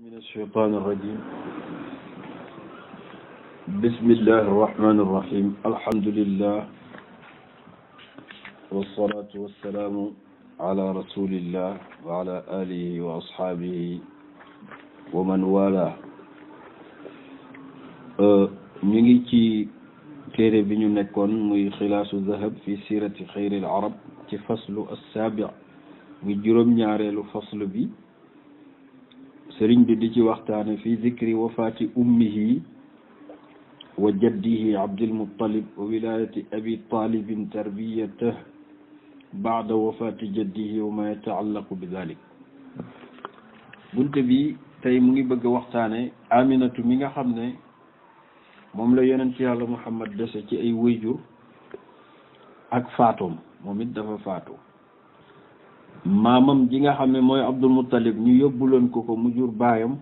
من الشيطان الرجيم بسم الله الرحمن الرحيم الحمد لله والصلاة والسلام على رسول الله وعلى آله وأصحابه ومن والاه ñu ngi ci téere bi ñu nekkoon muy xilaasu dahab fi siirati xayri al arab ci faslu assaabi muy juróom-ñaareelu faslu bi sëriñ bi di ci waxtaane fi zikri wafaati ummihi wa jaddihi abdilmutalib wa wilayati abi talibin tarbiyatah baada wafaati jaddihi wa ma yataallaqu bi dalik bunte bi tey mu ngi bëgg a waxtaane aminatu mi nga xam ne moom la yonent yàlla muhammad dese ci ay wëyjur ak faatoom moom it dafa maamam ji nga xam ne mooy Abdul Muttalib ñu yóbbuloon ko ko mu jur baayam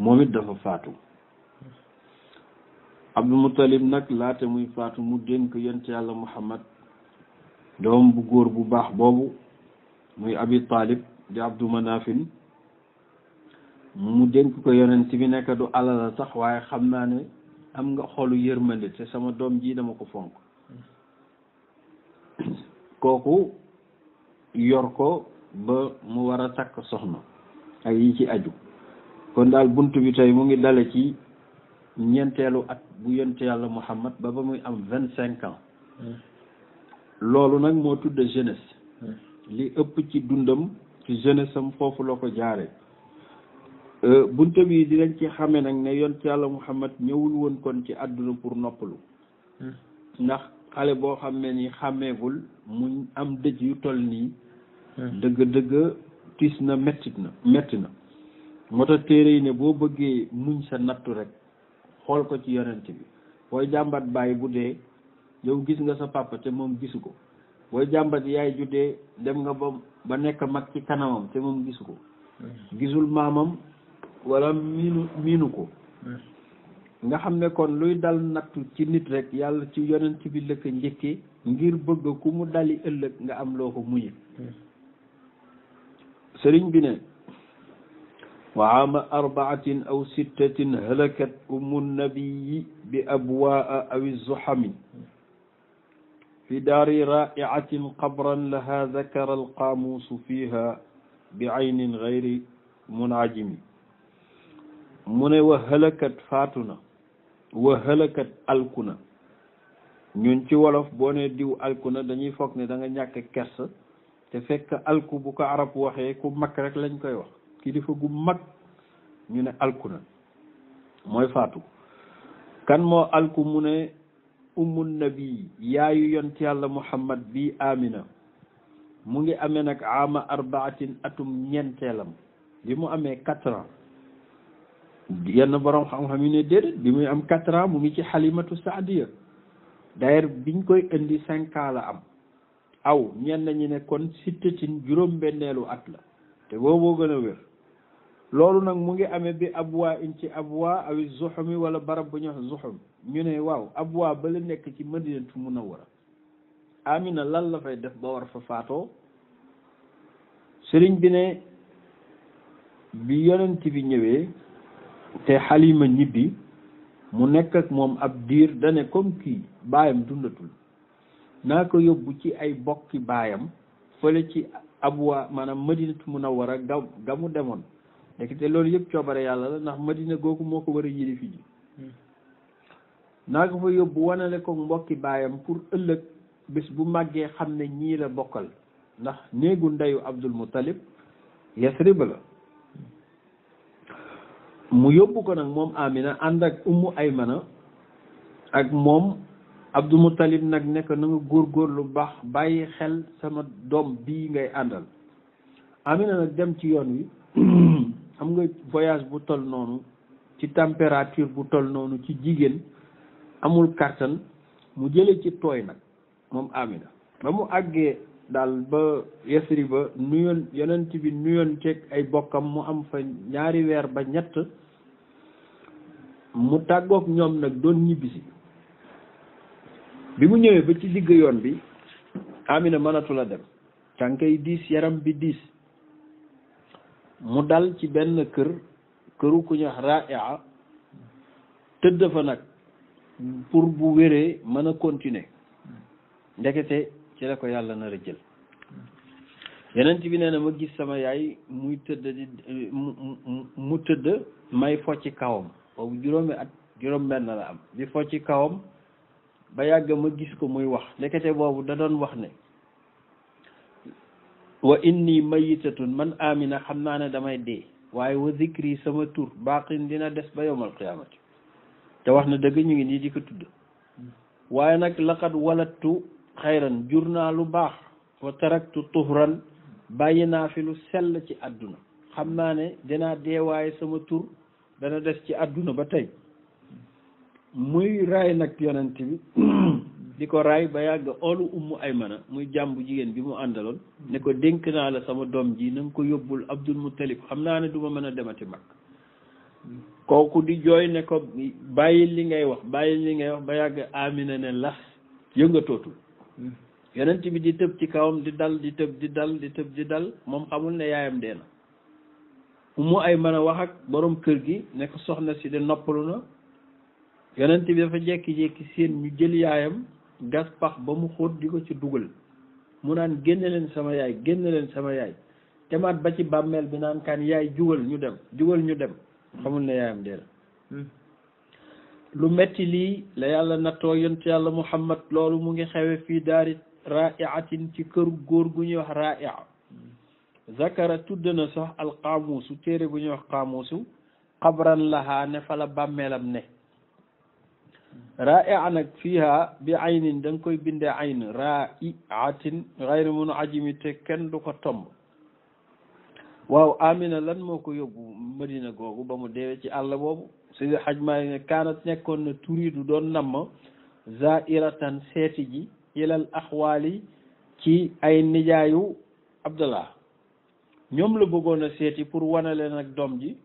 moom it dafa faatu Abdul Muttalib nag laata muy faatu mu dénk yonent yàlla Muhammad doom bu góor bu baax boobu muy Abi Talib di Abdu Manafin mu dénk ko yonent bi nekk du alala sax waaye xam naa ne am nga xolu yërmande te sama doom ji dama ko fonk kooku yor ko ba mu war a takk soxna ak yi ci aju kon daal bunt bi tey mu ngi dale ci ñeenteelu at bu yonent yàlla Muhammad ba ba muy am vingt cinq ans hmm. loolu nag moo tudd jeunesse hmm. li ëpp ci dundam ci jeunesse am foofu la ko jaare euh, bunte bi dinañ ci xame nag ne yonent yàlla Muhammad ñëwul woon kon ci àdduna pour noppalu hmm. ndax xale boo xam ne ni xàmmeegul mu am dëj yu toll nii dëgg dëgg tiis na mettit na mm. metti na moo téere yi ne boo bëggee muñ sa nattu rekk xool ko ci yonent bi booy jàmbat bàyyi bu dee yow gis nga sa papa te moom gisu ko booy jàmbat yaay ju dee dem nga ba ba nekk mag ci kanamam te moom gisu ko mm. gisul maamam wala miinu miinu ko mm. nga xam ne kon luy dal nattu ci nit rekk yàlla ci yonent bi lëkk njëkke ngir bëgg ku mu dali ëllëg nga am loo ko muñe sëriñ bi ne wa ama arbaatin aw sittatin halakat ummu nabiyi bi abwaa awi zuhami fi daari raiatin qabran laha dakara alqaamuusu fiiha bi aynin gayri munaajimi mu ne wa halakat faatuna wa halakat alkuna ñun ci wolof boo ne diw alkuna dañuy foog ne da nga ñàkk kersa te fekk alku bu ko arab waxee ku mag rek lañ koy wax kilifa gu mag ñu ne alku na mooy faatu kan moo alku mu ne ummu nabi yaayu yont yàlla muhammad bi amina mu ngi ame nag ama arbaatin atum ñeenteelam bi mu amee quatre ans yenn borom xam-xam yi ne déedéet bi muy am quatre ans mu ngi ci xalimatu saadiya d'ailleurs biñ koy indi cinq la am aw ñenn ñi ne kon sittatin juróom-benneelu at la te booboo gën a wér loolu nag mu ngi ame bi abwa in ci awi zuxumi wala barab bu ñu wax ñu ne waaw abwa ba nekk ci madinatu munawwara amina lan la fay def ba war fa faatoo sëriñ bi ne bi yonent bi ñëwee te xalima ñibbi mu nekk ak moom ab diir dane comme kii baayam dundatul naa ko yóbbu ci ay bokki baayam fële ci abwa maanaam madinatu munawwara a ga mu demoon ndekete loolu yëpp coobare yàlla la ndax madina googu moo ko war a yilif ji hmm. naa ko fa yóbbu wanale ko mbokki baayam pour ëllëg bis bu màggee xam ne ñii la bokkal ndax néegu ndeyu abdul muttalib yasrib la mu yóbbu ko nag moom amina ànd ak ummu aymana ak moom Abdou Moutalib nag nekk na góor góor lu baax bàyyi xel sama doom bii ngay àndal Amina nag dem ci yoon wi xam nga voyage bu toll noonu ci température bu toll noonu ci jigéen amul kàttan mu jële ci tooy nag moom Amina ba mu àggee daal ba yesri ba nuyoon yonent bi nuyoon ceeg ay bokkam mu am fa ñaari weer ba ñett mu tàggook ñoom nag doon ñibbisi bi mu ñëwee ba ci digg yoon bi Amina mënatul a dem tànkay diis yaram bi diis mu dal ci benn kër këru ku ñuy wax Raia tëdd fa nag pour bu wéree mën a continuer ndekete ci la ko yàlla na a jël yeneen bi nee ma gis sama yaay muy tëdd di mu tëdd may focc kawam boobu juróomi at juróom benn la am di focc kawam ba yàgg ma gis ko muy wax ndekete boobu da doon wax ne wa inni mayitatun man amina xam naa ne damay dee waaye wa zikri sama tur baaxin dina des ba yowmal qiyaamati te wax na dëgg ñu ngi nii di ko tudd waaye nag laqad walattu xayran jur naa lu baax wa taraktu tuhran bàyyi naa fi lu sell ci àdduna xam naa ne dinaa dee waaye sama tur dana des ci àdduna ba tey muy raay nag yonent bi di ko raay ba yàgg oolu ay aymana muy jàmbu jigéen bi mu àndaloon ne ko dénk naa la sama doom ji na ko yóbbul abdul muttalib xam naa ne du ma mën a demati mag kooku di jooy ne ko bàyyi li ngay wax bàyyi li ngay wax ba yàgg amina ne lax yëngatootul yonent bi di tëb ci kawam di dal di tëb di dal di tëb di dal moom xamul ne yaayam dee na ummu aymana wax ak boroom kër gi ne ko soxna si de noppalu na yonent bi dafa jekki-jekki seen ñu jël yaayam gas pax ba mu xóot di ko ci dugal mu naan génne leen sama yaay génn leen sama yaay temaat ba ci bàmmeel bi naan kaan yaay jugal ñu dem jugal ñu dem xamul ne yaayam dee hmm. lu metti lii la yàlla nattoo yontu yàlla muhammad loolu mu ngi xewe fii daari raaiatin ci kër góor gu ñuy wax raaia zakara tudd na sax alqaamuusu téere bu ñuy wax qaamuusu xabran lahaa ne fa la bàmmeelam ne raia nag fiha bi aynin da nga koy bindee ayn raiatin xayri munu ajimi te kenn du ko tomb waaw amina lan moo ko yóbbu madina googu ba mu deewee ci àll boobu sidi xaj maa ne kaanat nekkoon na du doon namm zairatan seeti ji ilal axwaali ci ay nijaayu abdallah ñoom la bëggoon a seeti pour wane leen ak doom ji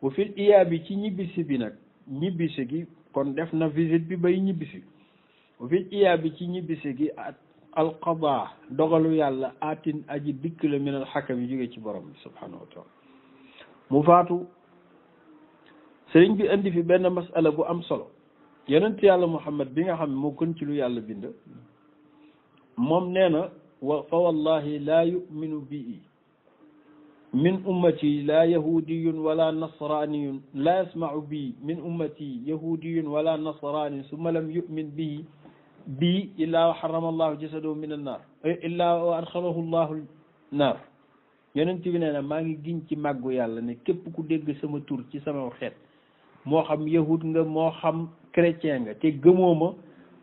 bu fil iyaa bi ci ñibbisi bi nag ñibbisi gi kon def na visite bi bay ñibbisi fi iyaa bi ci ñibbisi gi alqadaa dogalu yàlla atin aji dikk la min alxakam yi jóge ci borom bi subhanahu wa taala mu faatu sëriñ bi indi fi benn masala bu am solo yonent yàlla muhammad bi nga xam ne moo gën ci lu yàlla bind moom neena na wa fa wallahi laa yuminu bii min ummati laa yahudiyun wala nasraniyun laa yasmau bii min ummati yahudiyun wala nasraniyun summa lam yumin bii bii illaa xarama allahu jasadahu min annaar illaa adxalahu llahu naar yonent bi nee na maa ngi giñ ci màggu yàlla ne képp ku dégg sama tur ci sama xeet moo xam yahud nga moo xam chrétien nga te gëmoo ma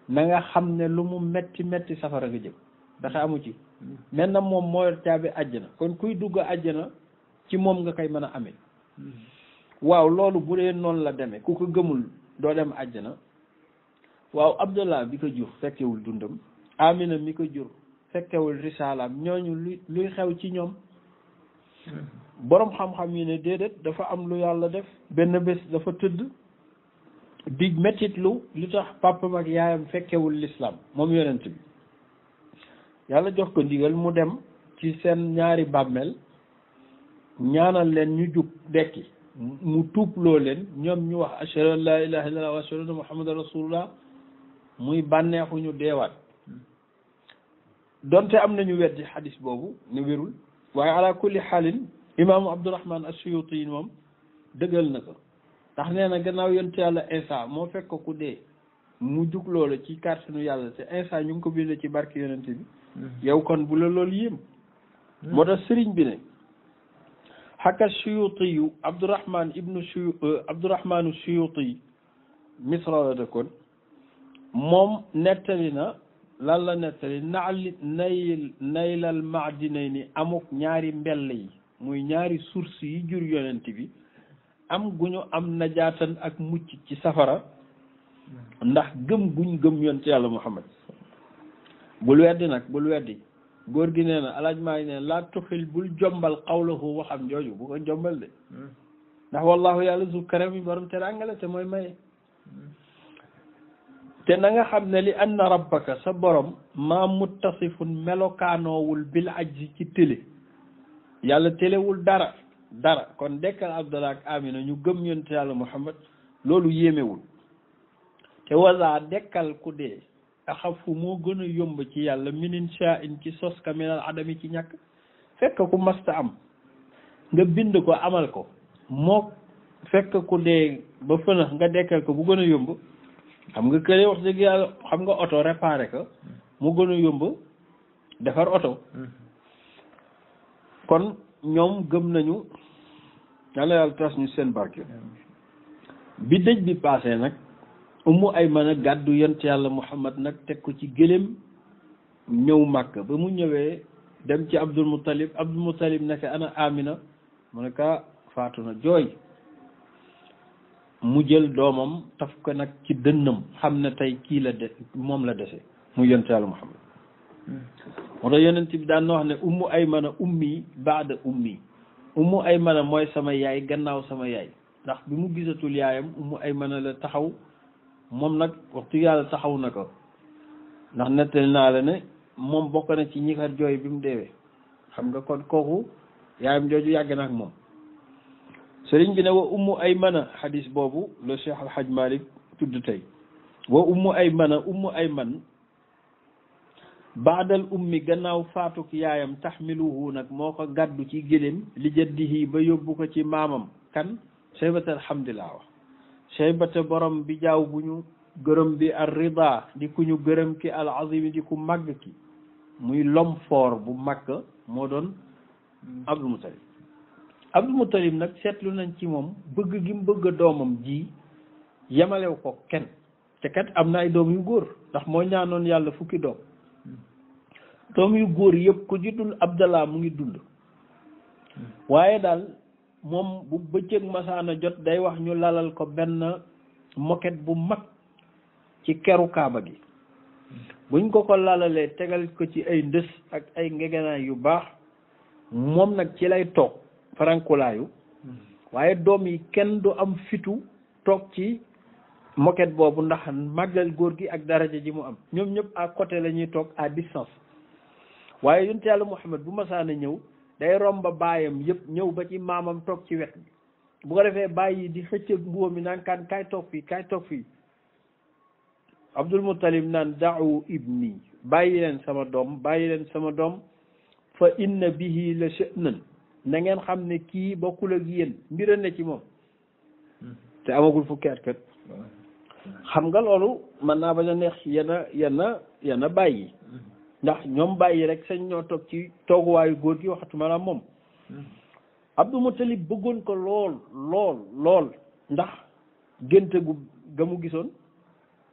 na nga xam ne lu mu metti metti safara nga jëm ndax amu ci mel na moom moo caabi àjjana kon kuy dugg àjjana ci moom nga koy mën a amee waaw loolu bu dee noonu la demee ku ko gëmul doo dem àjjana waaw abdullah bi ko jur fekkewul dundam amina mi ko jur fekkewul risaalaam ñooñu luy luy xew ci ñoom boroom xam-xam yi ne déedéet dafa am lu yàlla def benn bés dafa tëdd di mettit lu li tax pàppam ak yaayam fekkewul lislaam moom yonent bi yàlla jox ko ndigal mu dem ci seen ñaari bàmmeel ñaanal leen ñu jub dekki mu tuubloo leen ñoom ñu wax ashhadu an laa ilaaha illallah wa ashhadu anna muhammadan rasulullah muy bànneexu ñu deewaat donte am nañu weddi xadis boobu ne wérul waaye ala kulli xaalin imaamu abdurahman asuyuti yi moom dëggal na ko ndax nee na gannaaw yonte yàlla Isa moo fekk ku dee mu jug loola ci kàttanu yàlla te Isa ñu ngi ko bind ci barke yonente bi Mm-hmm. yow kon bu la loolu yéem mm-hmm. moo tax sëriñ bi ne xaka suyuti yu ibnu suyu euh, abdourahmanu suyuti yi misra moom nettali na lan la nettali naali naylal maadinay ni amuk ñaari mbell yi muy ñaari source yi jur yonent bi am gu ñu am najaatan ak mucc ci safara mm-hmm. ndax gëm guñ gëm yonent yàlla muhammad bul weddi nag bul weddi góor gi nee na alaaj maa ngi nee laa tuxil bul jombal xawlahu waxam jooju bu ko jombal de hmm. ndax wallahu yàlla zu karam yi borom teraanga la te mooy maye hmm. te na nga xam ne li anna rabbaka sa borom maa muttasifun melokaanoowul bil ajzi ci télé yàlla téléwul dara dara kon dekkal abdallah ak amina ñu gëm yonent yàlla muhammad loolu yéemewul te wasaa dekkal ku dee axafu moo gën a yomb ci yàlla minin sha in ci sos ka minal adami ci ñàkk fekk ku masta am nga bind ko amal ko moo fekk ku dee ba fënax nga dekkal ko bu gën a yomb xam nga kële wax dëgg yàlla xam nga oto réparé ko mu gën a yomb defar oto kon ñoom gëm nañu yàlla yàlla tas ñu seen barke bi dëj bi paase nag ummu ayman gàddu yent yàlla muhammad nag teg ko ci gëléem ñëw màkk ba mu ñëwee dem ci abdul muttalib abdul muttalib nekk ana amina mu ne faatu na jooy mu jël doomam taf ko nag ci dënnam xam ne tey kii la de moom la dese mu yent yàlla muhammad hmm. moo tax yonent bi daan na wax ne ummu aymana ummi baada ay ummu aymana mooy sama yaay gannaaw sama yaay ndax bi mu gisatul yaayam ummu aymana la taxaw moom nag waxtu yàlla taxaw na ko ndax nettali naa la ne moom bokk na ci ñi kat bi mu deewee xam nga kon kooku yaayam jooju yàgg na ak moom sëriñ bi ne wa ummu ay mana xadis boobu le cheikh xaj malik tudd tey wa ummu ay mana ummu ay man baadal ummi gannaaw faatu yaayam taxmiluhu nag moo ko gàddu ci géléem li jaddihi ba yóbbu ko ci maamam kan chebatalhamdulillah wax shaybata borom bi jaaw bu ñu gërëm bi ar rida di ku ñu gërëm ki al azim di ku màgg ki muy l'homme fort bu mag moo doon abdul muttalib abdul muttalib nag seetlu nañ ci moom bëgg gi mu bëgg doomam ji yemalew ko kenn te am na ay doom yu góor ndax moo ñaanoon yàlla fukki doom doom yu góor yépp ku ci dul abdallah mu ngi dund hmm. waaye daal moom bu bëccëg masaana jot day wax ñu lalal ko benn moket bu mag ci keru kaaba gi buñ ko ko lalalee tegal ko ci ay ndës ak ay ngegenaay yu baax moom nag ci lay toog farankulaayu waaye doom yi kenn du am fitu toog ci moquette boobu ndax màggal góor gi ak daraja ji mu am ñoom ñëpp a côté la ñuy toog à distance waaye yonent yàlla Muhammad bu masaana ñëw day romb baayam yëpp ñëw ba ci maamam toog ci wet bi bu ko defee bàyyi di xëccëg mbuum mi naan kaan kaay toog fii kaay toog fii Abdul Muttalib naan da'u ibni bàyyi leen sama doom bàyyi leen sama doom fa inna bihi la sha'nan na ngeen xam ne kii bokkul ak yéen mbira ne ci moom te amagul fukki at kat xam nga loolu mën naa bañ neex yenn yenn yenn bàyyi ndax ñoom bàyyi rek sañ ñoo toog ci tooguwaayu góor gi waxatu maanaam moom hmm. Abdou Moutalib bëggoon ko lool lool lool ndax génte gu ga mu gisoon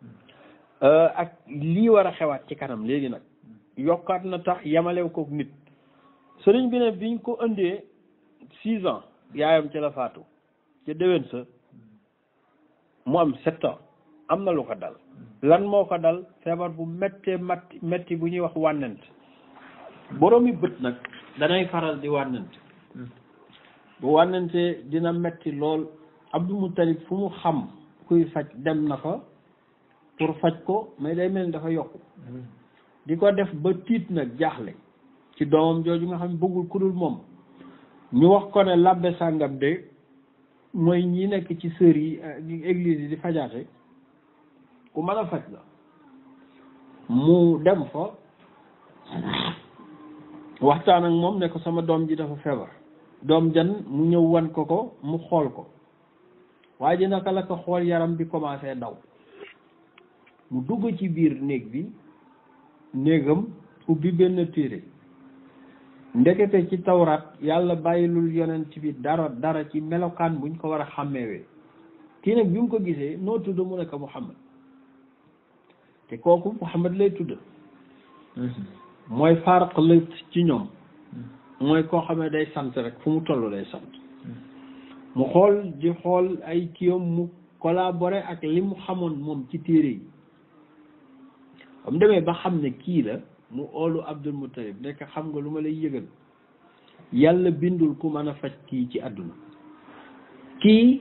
hmm. euh, ak lii war a xewaat ci kanam léegi nag hmm. yokkaat na tax yamalew ko nit sëriñ bi ne biñ ko indee six ans yaayam ci la ci ca sa mu am sept ans am na lu ko dal lan moo ko dal feebar bu méttee matti métti bu ñuy wax wànnant boroomi bët nag danay faral di wànnant bu wànnantee dina metti lool Abdou Moutalib fu mu xam kuy faj dem na fa pour faj ko mais day mel ni dafa yokku di ko def ba tiit nag jaaxle ci doomam jooju nga xam ne bëggul ku dul moom ñu wax ko ne labbe sàngam de mooy ñi nekk ci sër yi euh, église yi di fajaate ku mën a faj la mu dem ko waxtaan ak moom ne ko sama doom ji dafa feebar doom jan mu ñëw wan ko ko mu xool ko waa ji naka la ko xool yaram bi commencé ndaw mu dugg ci biir néeg bi néegam ubbi benn téere ndekete ci tawraat yàlla bàyyi yeneen ci bi dara dara ci melokaan buñ ko war a xàmmewee kii nag bi mu ko gisee noo tudd mu ne ko Muhammad te kooku Muhammad lay tudd mooy faaraq la ci ñoom mooy koo xam day sant rek fu mu toll day sant mu xool di xool ay kiyom mu collaboré ak li mu xamoon moom ci téere yi ba mu demee ba xam ne kii la mu oolu Abdul Muttalib nekk xam nga lu ma lay yëgal yàlla bindul ku mën a faj kii ci àdduna kii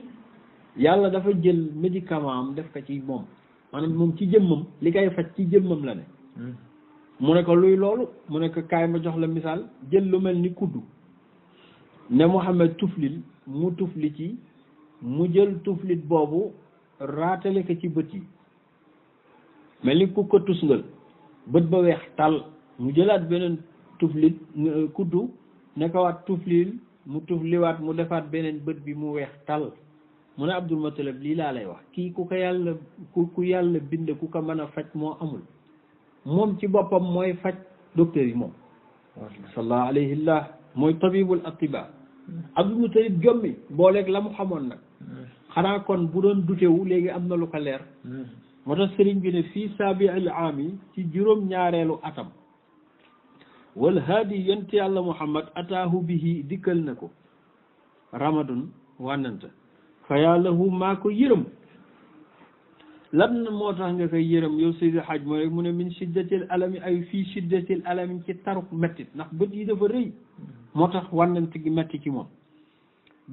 yàlla dafa jël médicament am def ko ci moom maanaam moom ci jëmmam li koy faj ci jëmmam la ne hmm. mu ne ko luy loolu mu ne ko kaay ma jox la misaal jël lu mel ni kuddu ne mu Muhammad tuflil mu tufli ci mu jël tuflit boobu raatale ko ci bët yi mel ni ku ko tusngal bët ba weex tàll mu jëlaat beneen tuflit kuddu ne ko waat tuflil mu tufliwaat mu defaat beneen bët bi mu weex tàll mu ne Abdul Muttalib lii laa lay wax kii ku ko yàlla bind ku ko mën a faj moo amul moom ci boppam mooy faj docteur yi moom sallallahu alayhi wa mooy tabibul atiba Abdul Muttalib jommi booleeg la mu xamoon nag xanaa kon bu doon dutewu léegi am na lu ko leer moo tax sëriñ bi ne fii saabiil aam yi ci juróom ñaareelu atam wal haadi yent yàlla muhammad ataahu bihi dikkal na ko ramadun wànnante xayaalahu maa ko yërëm lan moo tax nga koy yërëm yow Seydi Hadj Malick mu ne min shiddatil alami ay fii shiddatil alami ci taruk mettit ndax bët yi dafa rëy moo tax wànnante gi metti ci moom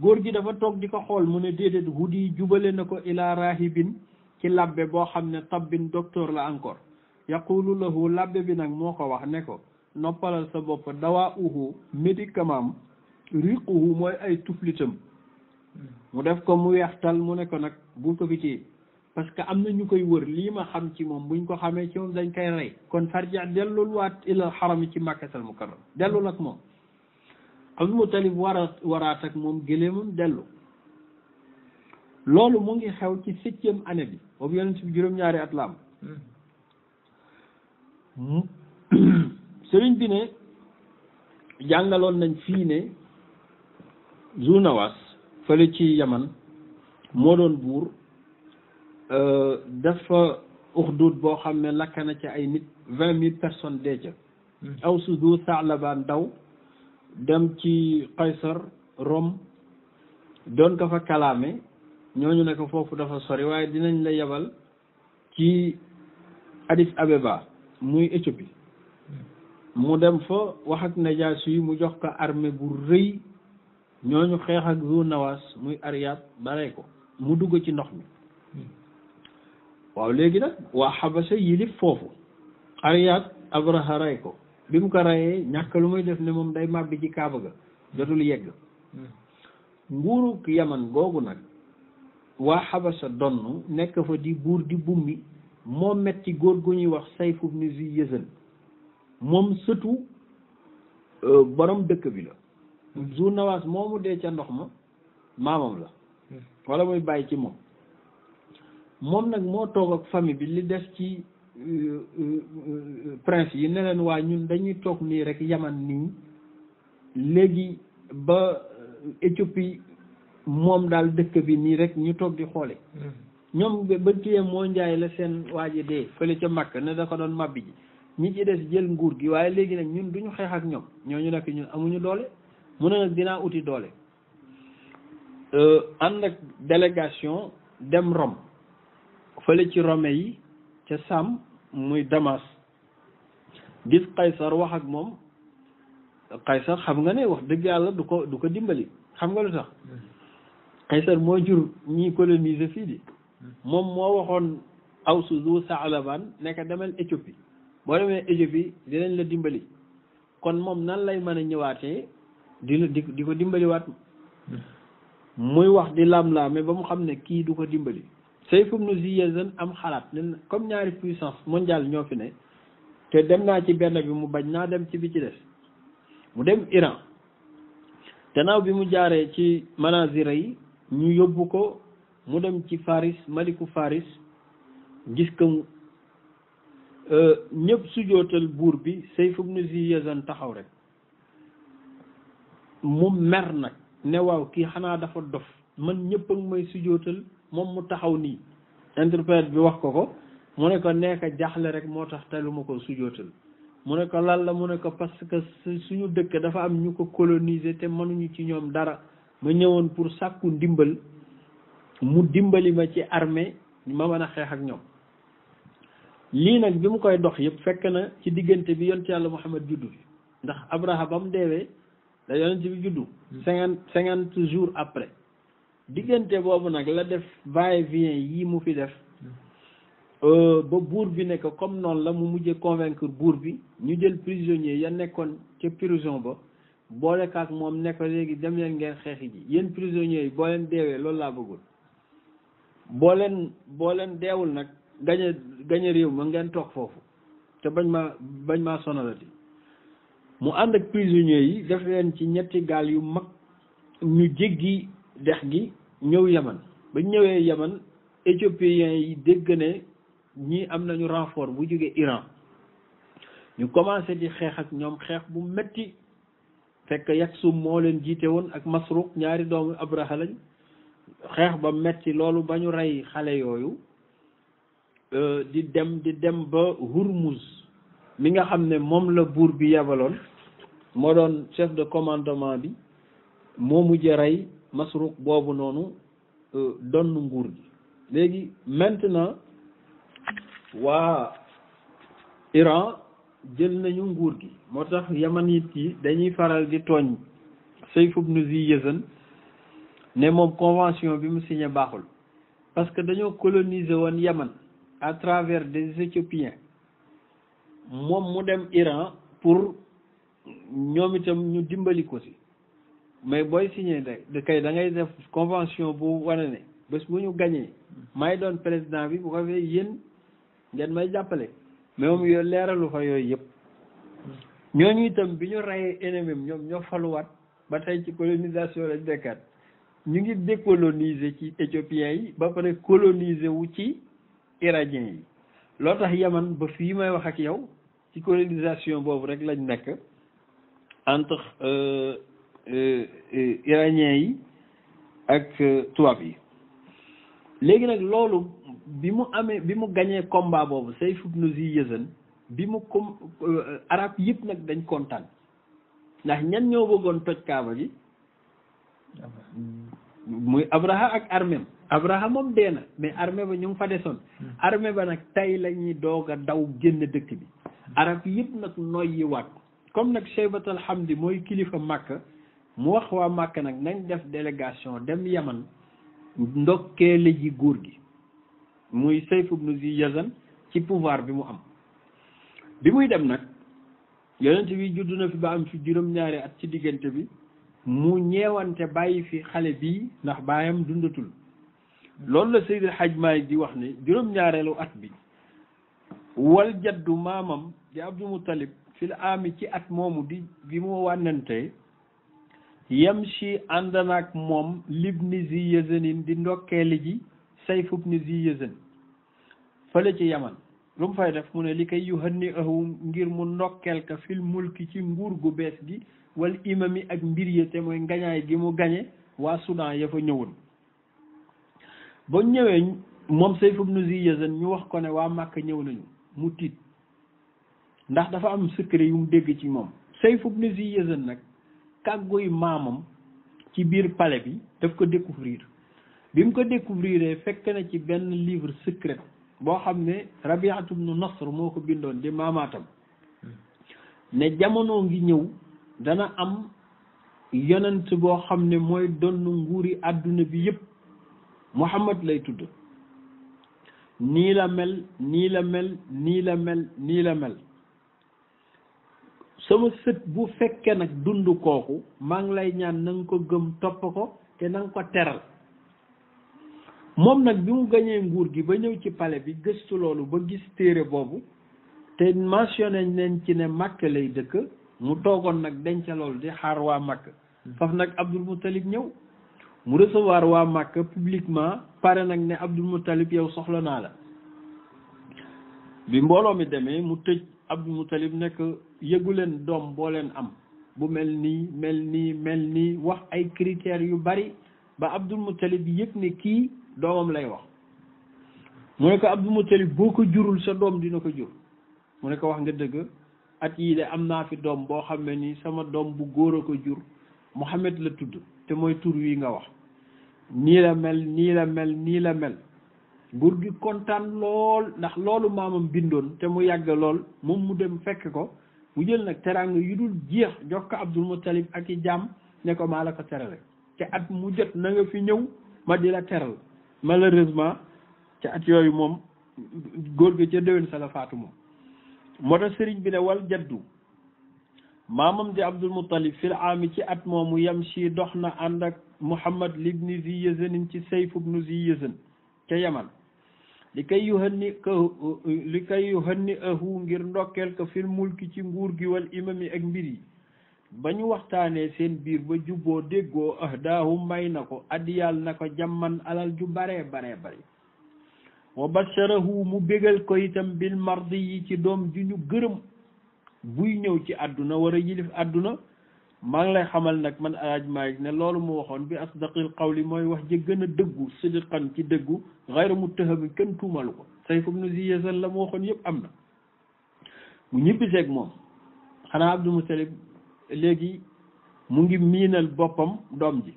góor gi dafa toog di ko xool mu ne déedéet hudi jubale na ko ilaa rahibin ci labbe boo xam ne tabbin docteur la encore yaqulu lahu labbe bi nag moo ko wax ne ko noppalal sa bopp dawaa uhu médicament riquhu mooy ay tuflitam mu def ko mu weextal mu ne ko nag bu ko fi parce que am na ñu koy wër lii ma xam ci moom buñ ko xamee ci moom dañ koy rey kon farja dellul waat ilal xaram ci màkkatal mukarram dellul ak moom Abdul Mutalib wara waraat ak moom gëléemam dellu loolu mu ngi xew ci septième année bi boobu yonent bi juróom-ñaari at la am sëriñ bi ne jàngaloon nañ fii ne Zunawas fële ci yaman moo doon buur euh, dafa duut boo xam ne lakk na ci ay nit vingt mille personnes dee ca hmm. aw sudu saalabaan daw dem ci Qaysar Rome doon ko fa kalaame ñooñu ne ko foofu dafa sori waaye dinañ la yebal ci Addis Abeba muy Éthiopie hmm. mu dem fa wax ak Najaasi yi mu jox ko armée bu rëy ñooñu xeex ak zu nawaas muy Aryab bare ko mu dugg ci ndox mi waaw léegi nag waa xabasa yilif foofu Aryab Abraha rey ko bi mu ko reyee ñàkk lu may def ne moom day màbbi ci kaaba ga jotul yegg nguuruk yaman googu nag waa xabasa donn nekk fa di buur di bummi moo metti góor gu ñuy wax Sayf ibn Zi Yazan moom sëtu euh, boroom dëkk bi la zu nawaas moomu dee ca ndox ma maamam la hmm. wala muy bàyyi ci moom moom nag moo toog ak famille bi li des ci euh, euh, prince yi neleen waa ñun dañuy toog nii rek yaman nii léegi ba euh, Éthiopie moom daal dëkk bi nii rek ñu toog di xoole hmm. ñoom ba téye moo njaay la seen waa ji dee fële ca Makka ne dafa doon mabbi ji ñi ci des jël nguur gi waaye léegi nag ñun duñu xeex ak ñoom ñooñu nekk ñun amuñu doole mu ne nag dinaa uti doole euh, ànd ak délégation dem Rome fële ci Rome yi ca Sàm muy Damas gis Qaysar wax ak moom Qaysar xam nga ne wax dëgg yàlla du ko du ko dimbali xam nga lu sax Qaysar moo jur ñi coloniser fii di moom moo waxoon Awsu zu Saalaban nekk demal Éthiopie boo demee Éthiopie dinañ la dimbali kon moom nan lay mën a ñëwaatee di di di ko dimbaliwaat hmm. muy wax di laam mais ba mu xam ne kii du ko dimbali Sayf ibn Ziyazan am xalaat ne comme ñaari puissance mondiale ñoo fi ne te dem naa ci benn bi mu bañ naa dem ci bi ci des mu dem Iran gannaaw bi mu jaaree ci manazira yi ñu yóbbu ko mu dem ci Faris maliku Faris gis ko mu euh, ñëpp sujootal buur bi Sayf ibn Ziyazan taxaw rek mu mer nag ne waaw kii xanaa dafa dof man ñëpp ak may sujootal moom mu taxaw nii interprète bi wax ko ko mu ne ko nekk jaxle rek moo tax te ko sujootal mu ne ko lan la mu ne ko parce que suñu dëkk dafa am ñu ko coloniser te mënuñu ci ñoom dara ma ñëwoon pour sàkku ndimbal mu dimbali ma ci armée ma mën a xeex ak ñoom lii nag bi mu koy dox yëpp fekk na ci diggante bi yont yàlla Muhammad juddu bi ndax Abraha ba mu deewee da yonent bi juddu hmm. cinquante cinquante jours après diggante boobu nag la def va-et-vient yi mu fi def hmm. euh, ba buur bi nekk comme noonu la mu mujjee convaincre buur bi ñu jël prisonnier ya nekkoon ca prison ba boolekaak moom nekk léegi dem leen ngeen xeexi ji yéen prisonniers yi boo leen deewee loolu laa bëggul boo leen boo deewul nag gañe gañe réew ma ngeen toog foofu te bañ ma bañ maa sonalati mu ànd ak prisonniers yi def leen ci ñetti gaal yu mag ñu jéggi dex gi ñëw yaman ba ñëwee yaman éthiopiens yi dégg ne ñii am nañu renfort bu jógee Iran ñu commencé di xeex ak ñoom xeex bu metti fekk Yaksum moo leen jiite woon ak Masruq ñaari doomu ab lañ xeex ba metti loolu ba ñu rey xale yooyu euh, di dem di dem ba Hurmuz mi nga xam ne moom la buur bi yabaloon moo doon chef de commandement bi moo mujj rey Masruq boobu noonu euh, donn nguur gi léegi maintenant waa Iran jël nañu nguur gi moo tax yamanit yi dañuy faral di tooñ Sayf ibn Zi Yazan ne moom convention bi mu signé baaxul parce que dañoo coloniser woon Yaman à travers des Éthiopiens moom mu dem Iran pour ñoom itam ñu dimbali ko si mais booy signé da kay da ngay def convention bu wane ne bés bu ñu gañee may doon président bi bu ko fee yéen ngeen may jàppale mais moom yooyu leeralu fa yooyu yëpp ñooñu itam bi ñu rayee ennemi ñoom ñoo faluwaat ba tey ci colonisation lañ dekkaat ñu ngi décoloniser ci éthiopiens yi ba pare coloniser wu ci iranien yi loo tax yaman ba fii may wax ak yow ci colonisation boobu rek lañu nekk entre euh, euh, euh, iranien yi ak tubaab yi léegi nag loolu bi mu amee bi mu gañee combat boobu Sayf ibn Zi Yazan bi mu com arab yëpp nag dañ kontaan ndax ñan ñoo bëggoon toj kaaba gi muy Abraha ak armem Abraha moom dee na mais armée ba ñu ngi fa desoon hmm. armée ba nag tey la ñuy doog a daw génn dëkk bi arab yëpp nag noyyi waat comme nag Cheybat al-Hamdi mooy kilifa Makka mu wax waa Makka nag nañ def délégation dem Yaman ndokkeele ji góor gi muy Sayf ibn Zi Yazan ci pouvoir bi mu am bi muy dem nag yonent bi judd na fi ba am fi juróom-ñaari at ci diggante bi mu ñeewante bàyyi fi xale bi ndax baayam dundatul loolu la Seydil Hadj Malick di wax ne juróom-ñaareelu at bi wal jaddu maamam di Abdul Muttalib fil aami ci at moomu di bi mu wànnante yamshi ànd naag moom libni zi yëzënin di ndokkeeli ji sayf ibni zi yëzën fële ci yaman lu fay def mu ne li kay yuhanni ahu ngir mu ndokkeel ka fil mulki ci nguur gu bees gi wal imami ak mbir yi te mooy ngañaay gi mu gañe waa Soudan ya fa ñëwoon ba ñëwee moom sayf ibni zi yëzën ñu wax ko ne waa Màkka ñëw nañu mu tiit ndax dafa am secret yu mu dégg ci moom Sayf ibn Zi Yazan nag kàgguy maamam ci biir palais bi daf ko découvrir bi mu ko découvrir fekk na ci benn livre secret boo xam ne Rabi'at ibn Nasr moo ko bindoon di maamaatam ne jamono ngi ñëw dana am yonent boo xam ne mooy donn nguuri àdduna bi yépp Muhammad lay tudd nii la mel nii la mel nii la mel nii la mel sama sët bu fekkee nag dund kooku maa ngi lay ñaan na ko gëm topp ko te na ko teral moom nag bi mu gañee nguur gi ba ñëw ci pale bi gëstu loolu ba gis téere boobu te mentionné nañ ci ne makk lay dëkk mu toogoon nag denc loolu di xaar waa màkk faf nag Abdul Muttalib ñëw mu recevoir waa màkk publiquement pare nag ne Abdul Muttalib yow soxla naa la bi mbooloo mi demee mu tëj Abdul Muttalib nekk yëgu leen doom boo leen am bu mel nii mel nii mel nii wax ay critères yu bari ba Abdul Muttalib yëg ne kii doomam lay wax mu ne ko Abdul Muttalib boo ko jurul sa doom dina ko jur mu ne ko wax nga dëgg at yii de am naa fi doom boo xam ne nii sama doom bu góor a ko jur Muhammad la tudd te mooy tur wi nga wax nii la mel nii la mel nii la mel buur gi kontaan lool ndax loolu maamam bindoon te mu yàgg lool moom mu dem fekk ko mu jël nag teraanga yu dul jeex jox ko Abdul Muttalib ak i jaam ne ko maa la ko terale te at mu jot na fi ñëw ma di la teral malheureusement ca at yooyu moom góor gi ca déwén sa moom moo tax sëriñ bi ne wal jaddu maamam di Abdul Muttalib fil aami ci at mu yem si dox na ànd ak Muhammad libni Ziyazin ci Sayf ibnu Ziyazin ca Yaman li kay yu hënni ka ahu ngir ndokkeel ko fil mulki ci nguur gi wal imami ak mbir yi ba ñu waxtaanee seen biir ba jubboo déggoo ahdaahu may na ko addiyaal na ko jamman alal ju baree baree bare wa basharahu mu bégal ko itam bil mardi yi ci doom ju ñu gërëm buy ñëw ci àdduna war a yilif àdduna maa ngi lay xamal nag man alaaj Maalik ne loolu mu waxoon bi asdaqil qawli mooy wax ji gën a dëggu sidqan ci dëggu xayra muttahamin kenn tuumalu ko Sayf ibn Ziyad la mu waxoon yëpp am na mu ñibbiseeg moom xanaa Abdul Muttalib léegi mu ngi miinal boppam doom ji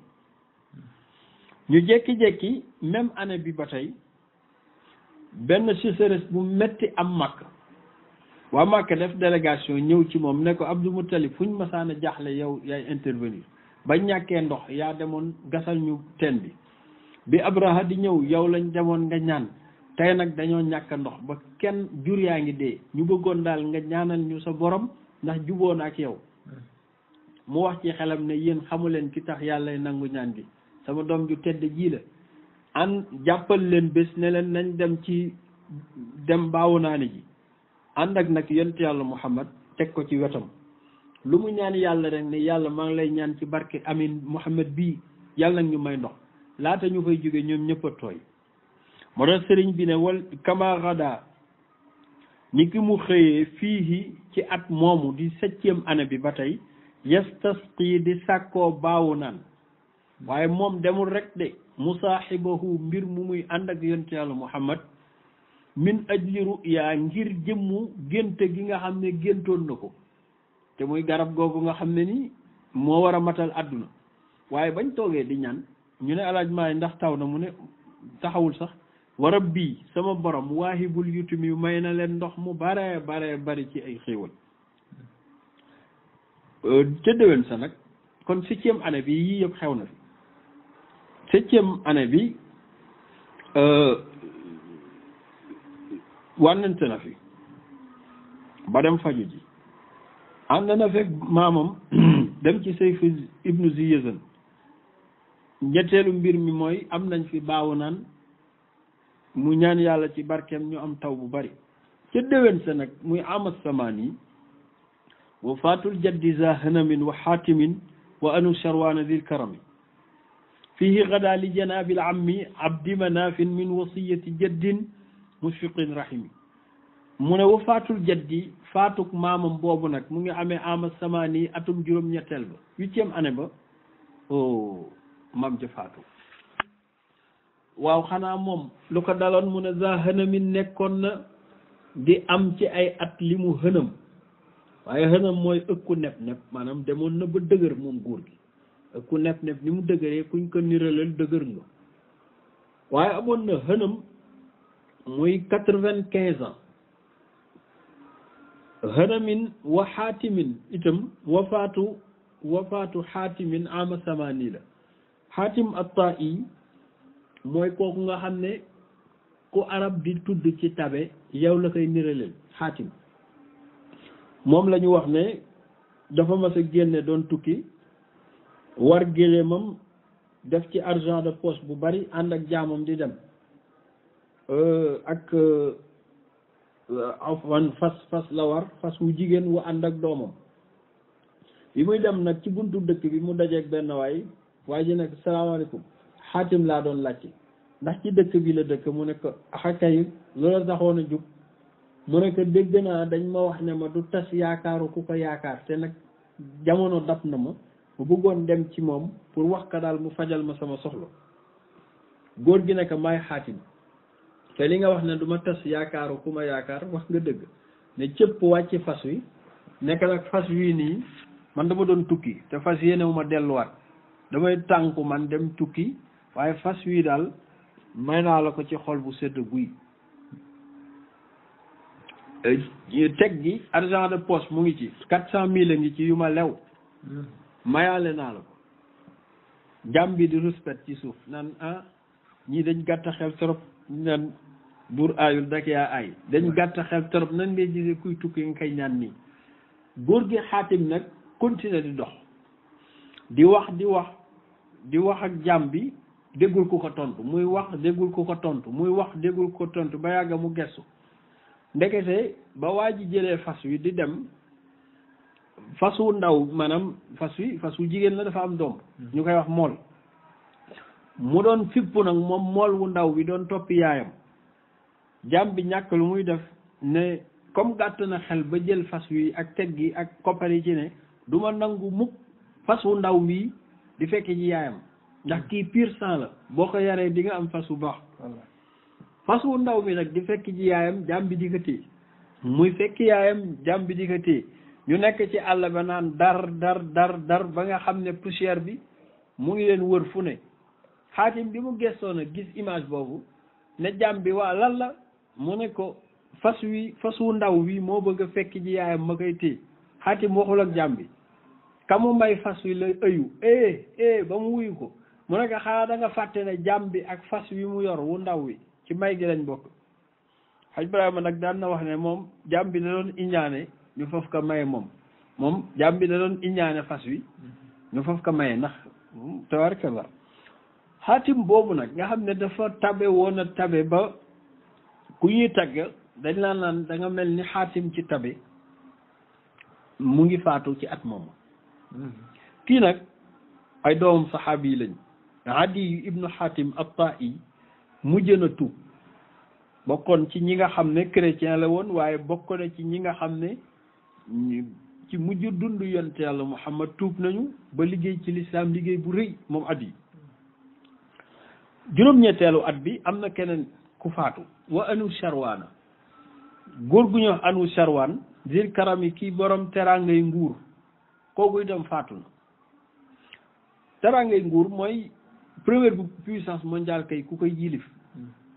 ñu jekki-jekki même année bi ba tey benn sécheresse bu metti am Makka waa Màkka def délégation ñëw ci moom ne ko Abdou Moutalib fu ñu masaan a jaaxle yow yaay intervenir ba ñàkkee ndox yaa demoon gasal ñu teen bi bi Abraha di ñëw yow lañ demoon nga ñaan tey nag dañoo ñàkk ndox ba kenn jur yaa ngi dee ñu bëggoon daal nga ñaanal ñu sa borom ndax juboon ak yow mu wax ci xelam ne yéen xamu leen ki tax yàlla nangu ñaan bi sama doom ju tedd jii la an jàppal leen bés ne leen nañ dem ci dem baawu naane ji ànd ak nag yonent yàlla Muhammad teg ko ci wetam lu mu ñaan yàlla rek ne yàlla maa ngi lay ñaan ci barke amin Muhammad bii yàlla nag ñu may ndox laata ñu koy jóge ñoom ñëpp tooy moo sëriñ bi ne wal kamarada ni ki mu xëyee fii ci at moomu di septième année bi ba tey yastasqi di sàkkoo baawu naan waaye moom demul rek de musaaxibahu mbir mu muy ànd ak yonent yàlla Muhammad min ajli ru'ya ngir jëmmu gént gi nga xam ne géntoon na ko te muy garab googu nga xam ne nii moo war a matal àdduna waaye bañ toogee di ñaan ñu ne alaaj maay ndax taw na mu ne taxawul sax wa rabbi sama borom waahibul yutumi may na leen ndox mu bare bare bari ci ay xéewal euh, ca déwén sa nag kon septième année bi yii yëpp xew na fi septième année bi euh, wànnante na fi ba dem faju ji ànd na fekk maamam ci Sayf Ziyazan ñetteelu mbir mi mooy am nañ fi baawu mu ñaan yàlla ci barkeem ñu am taw bu bari ca déwén sa nag muy amas samaan yi wafaatul jaddi za hanamin wa xaatimin wa anu sharwaana dil karami fihi gadaa li janaabil ammi abdi manaafin min wasiyati jaddin musfiqin rahimi mu ne wa faatul jaddi faatuk maamam boobu nag mu ngi amee ama samaani atum juróom-ñetteel ba huitième année ba oh maam ja faatu waaw xanaa moom lu ko daloon mu ne za xënami nekkoon na di am ci ay at li mu xënam waaye xënam mooy ëkku nepp nepp maanaam demoon na ba dëgër moom guur gi ëkku nepp nepp ni mu dëgëree kuñ ko niralal dëgër nga waaye amoon na xënam muy quatre-vingt-quinze ans hanamin wa xaatimin itam wafaatu wafaatu xaatimin ama samani la xaatim at mooy kooku nga xam ne ku arab di tudd ci tabe yow la koy niraleel xaatim moom la wax ne dafa mas a génne doon tukki war géléemam def ci argent de poche bu bari ànd ak jaamam di dem Euh, ak euh, wan fas fas la war fas wu jigéen wu ànd ak doomam bi muy dem nag ci buntu dëkk bi mu dajeeg benn waay waa ji nekk salaamaaleykum xaatim laa doon laajte ndax ci dëkk bi la dëkk mu nekk ko axakay loola taxoon a jub mu nekk ko dégg naa dañ ma wax ne ma du tas yaakaaru ku ko yaakaar te nag jamono dab na ma bu bëggoon dem ci moom pour wax ka daal mu fajal ma sama soxla góor gi ne ko maay xaatim te li nga wax ne du ma tas yaakaaru ku ma yaakaar wax nga dëgg ne cëpp wàcc fas wi nekk nag fas wi nii man dama doon tukki te fas yéenewu ma delluwaat damay tànku man dem tukki waaye fas wi daal may naa la ko ci xool bu sedd guy eh, teg gi argent de poche mu ngi ci quatre cent mille a ngi ci yu ma lew hmm. mayaale naa la ko jàmm bi di respect ci suuf nan ah ñii dañ gàtt xel trop nan buur aayul dak yaa aay dañ gàtt xel trop nan ngay gisee kuy tukki nga kay ñaan nii góor gi xaatim nag continuer di dox di wax di wax di wax ak jàmm bi déggul ku ko tontu muy wax déggul ku ko tontu muy wax déggul ko tontu ba yàgg mu gestu ndekete ba waa ji jëlee fas wi di dem fas wu ndaw maanaam fas wi fas wu jigéen la dafa am doom hmm. ñu koy wax mool mu doon fippu nag moom mool wu ndaw wi doon toppi yaayam jàmm bi ñàkk lu muy def ne comme gàtt na xel ba jël fas wi ak teg gi ak koppar yi ci ne du ma nangu mukk fas wu ndaw bii di fekke ci yaayam ndax kii pur sang la boo ko yaree di nga am fas wu baax fas wu ndaw bi nag di fekk ji yaayam jàmm bi di ko téye muy fekk yaayam jàmm bi di ko téye ñu nekk ci àll ba naan dar dar dar dar ba nga xam ne poussière bi mu ngi leen wër fu ne xaatim bi mu gëstoo a gis image boobu ne jàmm bi waa lan mu ne ko fas wi fas wu ndaw wi moo bëgg a fekk ji yaayam ma koy téye xaatim waxul ak jàmm kamu may fas wi la ëyu eh eh ba mu wuyu ko mu ne ko xanaa nga fàtte ne jàmm bi ak fas wi mu yor wu ndaw wi ci may gi lañ bokk xaj Ibrahima nag daan na wax ne moom jàmm bi da doon iñaane ñu foofu ko maye moom moom jàmm da doon iñaane fas wi ñu foofu ko maye ndax tabarkalla xaatim boobu nag nga xam ne dafa tabe woon tabe ba ku ñuy tagg dañ laa naan da mel ni xaatim ci tabi mu ngi faatu ci at moomu kii nag ay doomam saxaabi yi lañ adi ibnu xaatim at-ta'i mujj na tuub bokkoon ci ñi nga xam ne chrétien la woon waaye bokk na ci ñi nga xam ne ci mujj dund yonte yàlla muhammad tuub nañu ba liggéey ci lislaam liggéey bu rëy moom at yi juróom-ñetteelu at bi am na keneen ku faatu wa anur charwaana góor gu ñuy wax anur charwaan zil karam yi kii borom teraangay nguur kooku itam faatu na teraangay nguur mooy première bu puissance ku koy yilif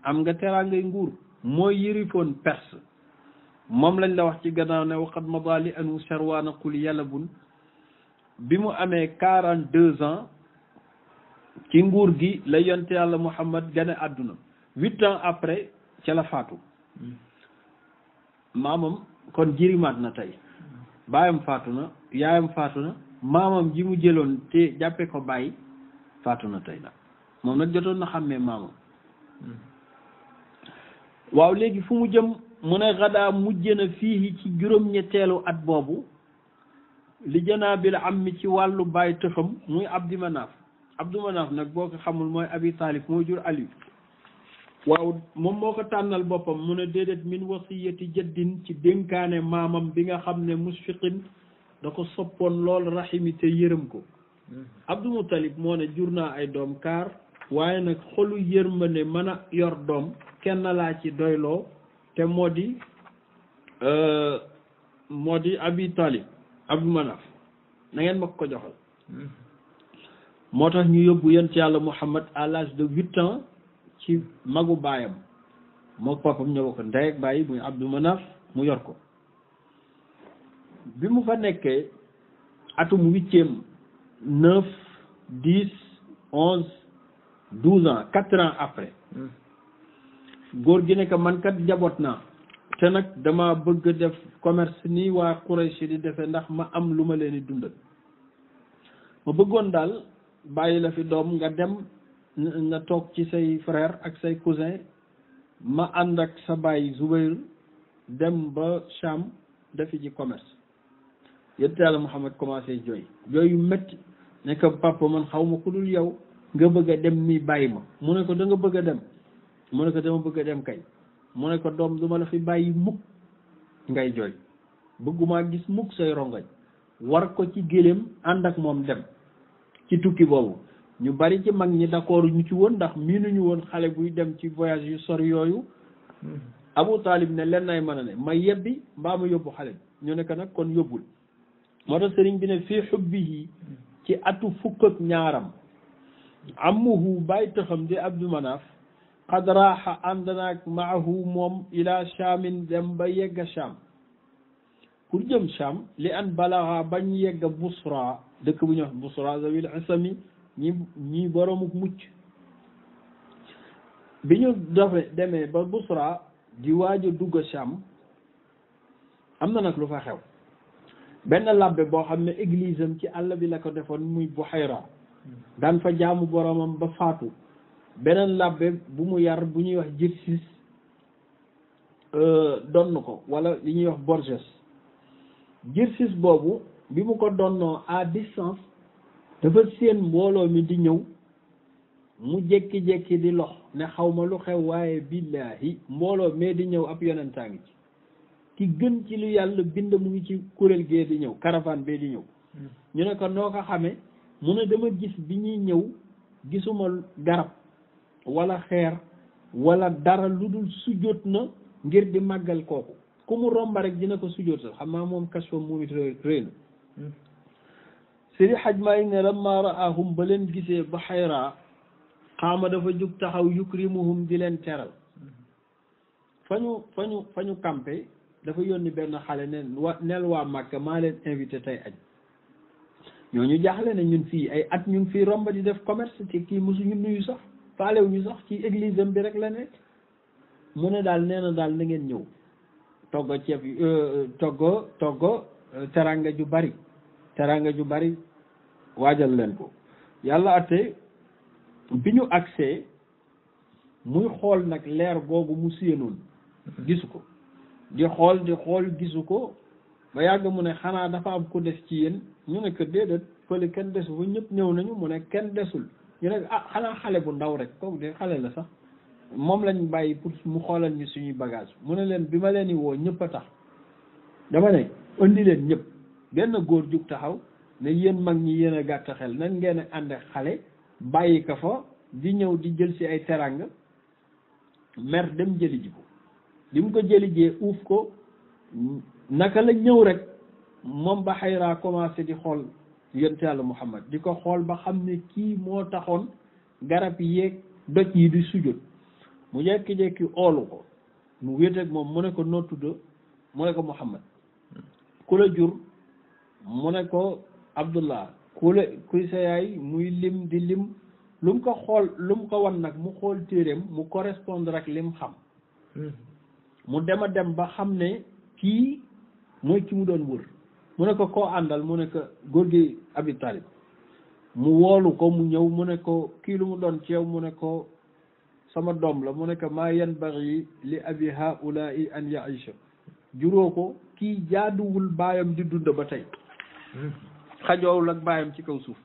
am nga teraangay nguur mooy yërifoon moom lañ la wax ci gannaaw ne waxat mabali anu sarwaana qul yalabun bi mu amee quarante deux ans ci nguur gi la yonte yàlla Muhammad gane àdduna huit ans après ca la faatu hmm. maamam kon jirimaat na tey baayam faatu na yaayam faatu na maamam ji mu jëloon te jàppe ko bàyyi faatu na tey nag moom nag jotoon na xàmmee maamam hmm. waaw léegi fu mu jëm mu ne xadaa mujj na fii ci juróom-ñetteelu at boobu bi janaabil am mi ci wàllu bàyyi tëxam muy Abdi Manaaf Abdu Manaaf nag boo ko xamul mooy Abi Taalib mooy jur Aliou waaw moom moo ko tànnal boppam mu ne déedéet min wasiyati jaddin ci dénkaane maamam bi nga xam ne musfiqin da ko soppoon lool rahimi te yërëm ko mm-hmm. Abdou Moutalib moo ne jur naa ay doom kaar waaye nag xolu yërmande mën a yor doom kenn laa ci doyloo te moo di euh, moo di Abi Talib Abdou Manaf na ngeen ma ko joxal mm-hmm. moo tax ñu yóbbu yent yàlla Muhammad à l'âge de huit ci magu baayam moo papam ñoo bokk ndey ak baay muy Abdou Manaf mu yor ko bi mu fa nekkee atum huitième neuf dix onze douze ans quatre ans après hmm. góor gi ne mankat jaboot naa te nag dama bëgg def commerce ni waa Quraysh di defe ndax ma am lu ma leen di dundal ma bëggoon daal bàyyi la fi doom nga dem nga toog ci say frère ak say cousin ma ànd ak sa bàyyi Zubayr dem ba Cham defi ji commerce yéen yàlla Muhammad commencé jooy jooyu métti ne ko papa man xaw ma ku dul yow nga bëgg dem mi bàyyi ma mu ne ko danga nga bëgg a dem mu ne ko dama bëgg a dem kay mu ne ko doom duma la fi bàyyi mukk ngay jooy bëgguma gis mukk say rongoñ war ko ci géléem ànd ak moom dem ci tukki boobu ñu bari ci mag ñi d'accord ñu ci woon ndax mii miinuñu woon xale buy dem ci voyage yu sor yooyu Abu Taalib ne len nay mën a ne ma yebbi mbaa ma yóbbu xale ñoo ñu ne ko nag kon yóbbul moo tax sëriñ bi ne fii xubbi yi ci atu fukk ak ñaaram amuhu bàyyi taxam di Abdu Manaaf xad raaxa ànd naag maahu moom ila chamin dem ba yegga cham pour jëm cham li an balaxa bañ yegga Busra dëkk bu ñuy wax Busra zawil asami ñi ñi boromuk mucc bi ñu dafe demee ba Busra di waaj a dugg Sham am na nag lu fa xew benn labbe boo xam ne église ci àll bi la ko defoon muy Buhayra daan fa jaamu boroomam ba faatu beneen labbe bu mu yar bu ñuy wax Jirsis euh, donn ko wala li ñuy wax Borges Jirsis boobu bi mu ko donnoo à distance dafa séen mbooloo mi di ñëw mu jékki-jékki di lox ne xawma lu xew waaye billaahi mbooloo mais di ñëw ab yonentaa ngi ci ki gën ci lu yàlla bind mu ngi ci kuréel gee di ñëw caravane bee di ñëw hmm. ñu ne ko noo ko xamee mu ne dama gis bi ñuy ñëw gisuma garab walla xeer wala dara lu dul sujjóot na ngir di màggal kooku ku mu romba rek dina ko sujjóotal xam naa moom kas moom it réy na hmm. sëri xaj maay ne lamma raahum ba leen gisee ba xayraa xaama dafa jug taxaw yukrimuhum di leen teral fa ñu fa ñu fa dafa yónni benn xale ne wa nel waa maa leen invité tey añ ñooñu jaaxle ne ñun fii ay at ñun fii romba di def commerce ci kii mosuñu nuyu sax faalew ñu sax ci église bi rek la nekk mu ne daal nee na daal na ñëw togg ceeb togg euh, togg euh, teranga ju bari teranga ju bari waajal leen ko yàlla atte bi ñu agsee muy xool nag leer googu mu séenoon gisu ko di xool di xool gisu ko ba yàgg mu ne xanaa dafa am ku des ci yéen ñu nekk ko déedéet fële kenn desul ba ñëpp ñëw nañu mu ne kenn desul ñu ne ah xanaa xale bu ndaw rek kooku de xale la sax moom lañu bàyyi pour mu xoolal ñu suñuy bagage mu ne leen bi ma leen di woo ñëpp a tax dama ne indi leen ñëpp benn góor jug taxaw ne yéen mag ñi yéen a gàtt xel nan ngeen a ànd xale bàyyi ko fa di ñëw di jël si ay teraang mer dem jëli ko li mu ko jëli jee uuf ko naka la ñëw rek moom ba xayraa commencé di xool yonte yàlla Muhammad di ko xool ba xam ne kii moo taxoon garab yeeg doj yi di sujjóot mu jekki-jekki oolu ko mu wéet ak moom mu ne ko noo tudd mu ne ko Muhammad ku la jur mu ne ko abdullah ku la kuy seyaay muy lim di lim lu mu ko xool lu mu ko wan nag mu xool téeréem mu correspondre rek lim xam hmm. mu dem a dem ba xam ne kii mooy ki mu doon wër mu ne ko koo àndal mu ne ko góor gi abi mu woolu ko mu ñëw mu ne ko kii lu mu doon ceew mu ne ko sama doom la mu ne ko maa yanbaghi li abi haula'i an ya'isha juróo ko kii jaaduwul baayam di dund ba tey hmm. xajoowul ak baayam ci kaw suuf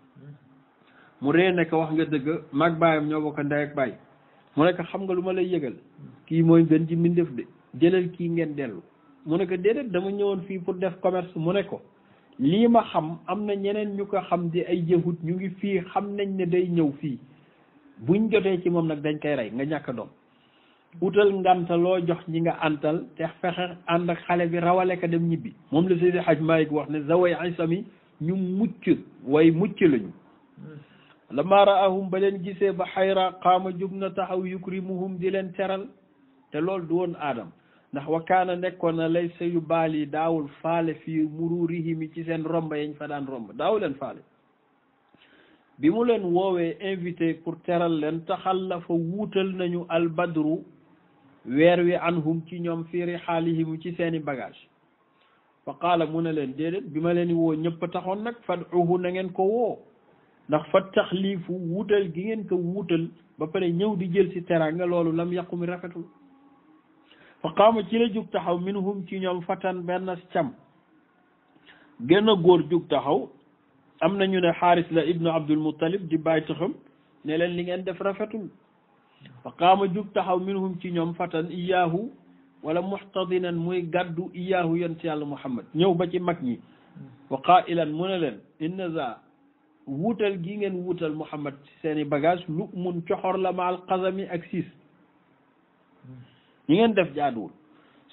mu ree ne ko wax nga dëgg mag baayam ñoo ko ndey ak baay mu ne ko xam nga lu ma lay yëgal kii mooy gën ci mbindéef de jëlal kii ngeen dellu mu ne ko déedéet dama ñëwoon fii pour def commerce mu ne ko lii ma xam am na ñeneen ñu ko xam di ay yahut ñu ngi fii xam nañ ne day ñëw fii buñ jotee ci moom nag dañ koy rey nga ñàkk doom utal nganta loo jox ñi nga àntal te fexe ànd ak xale bi rawale ka dem ñibbi moom la Seydi Haj Malik wax ne zaway ay sami ñu mucc way mucc lañu lama raahum ba leen gisee ba xayra qaama jug na taxaw yukri mu yukrimuhum di leen teral te loolu du woon aadam ndax wa kaana nekkoon na lay sa yu baal yi daawul faale fii mururihim yi ci seen romb yañ fa daan romb daawu leen faale bi mu leen woowee invité pour teral leen taxal la fa wuutal nañu al albadru weer wi anhum ci ñoom fi rihaalihim ci seeni bagage fa qaala mu ne leen déedéet bi ma leen woo ñëpp a taxoon nag fad'uhu na ngeen ko woo ndax fa taxliifu wuutal gi ngeen ko wuutal ba pare ñëw di jël si teraanga loolu lam yàqu mi rafetul fa qaama ci la jug taxaw minhum ci ñoom fatan benn cam genn góor jug taxaw am na ñu ne xaaris la ibnu abdul muttalib di bàyyi taxam ne leen li ngeen def rafetul fa qaama jug taxaw minhum ci ñoom fatan iyaahu wala muxtadinan muy gàddu iyaahu yon ci yàlla muhammad ñëw ba ci mag ñi wa qailan mu ne leen inna za wuutal gi ngeen wuutal muhammad seeni bagage lu mun coxor la maal xasami ak siis ñi ngeen def jaaduwul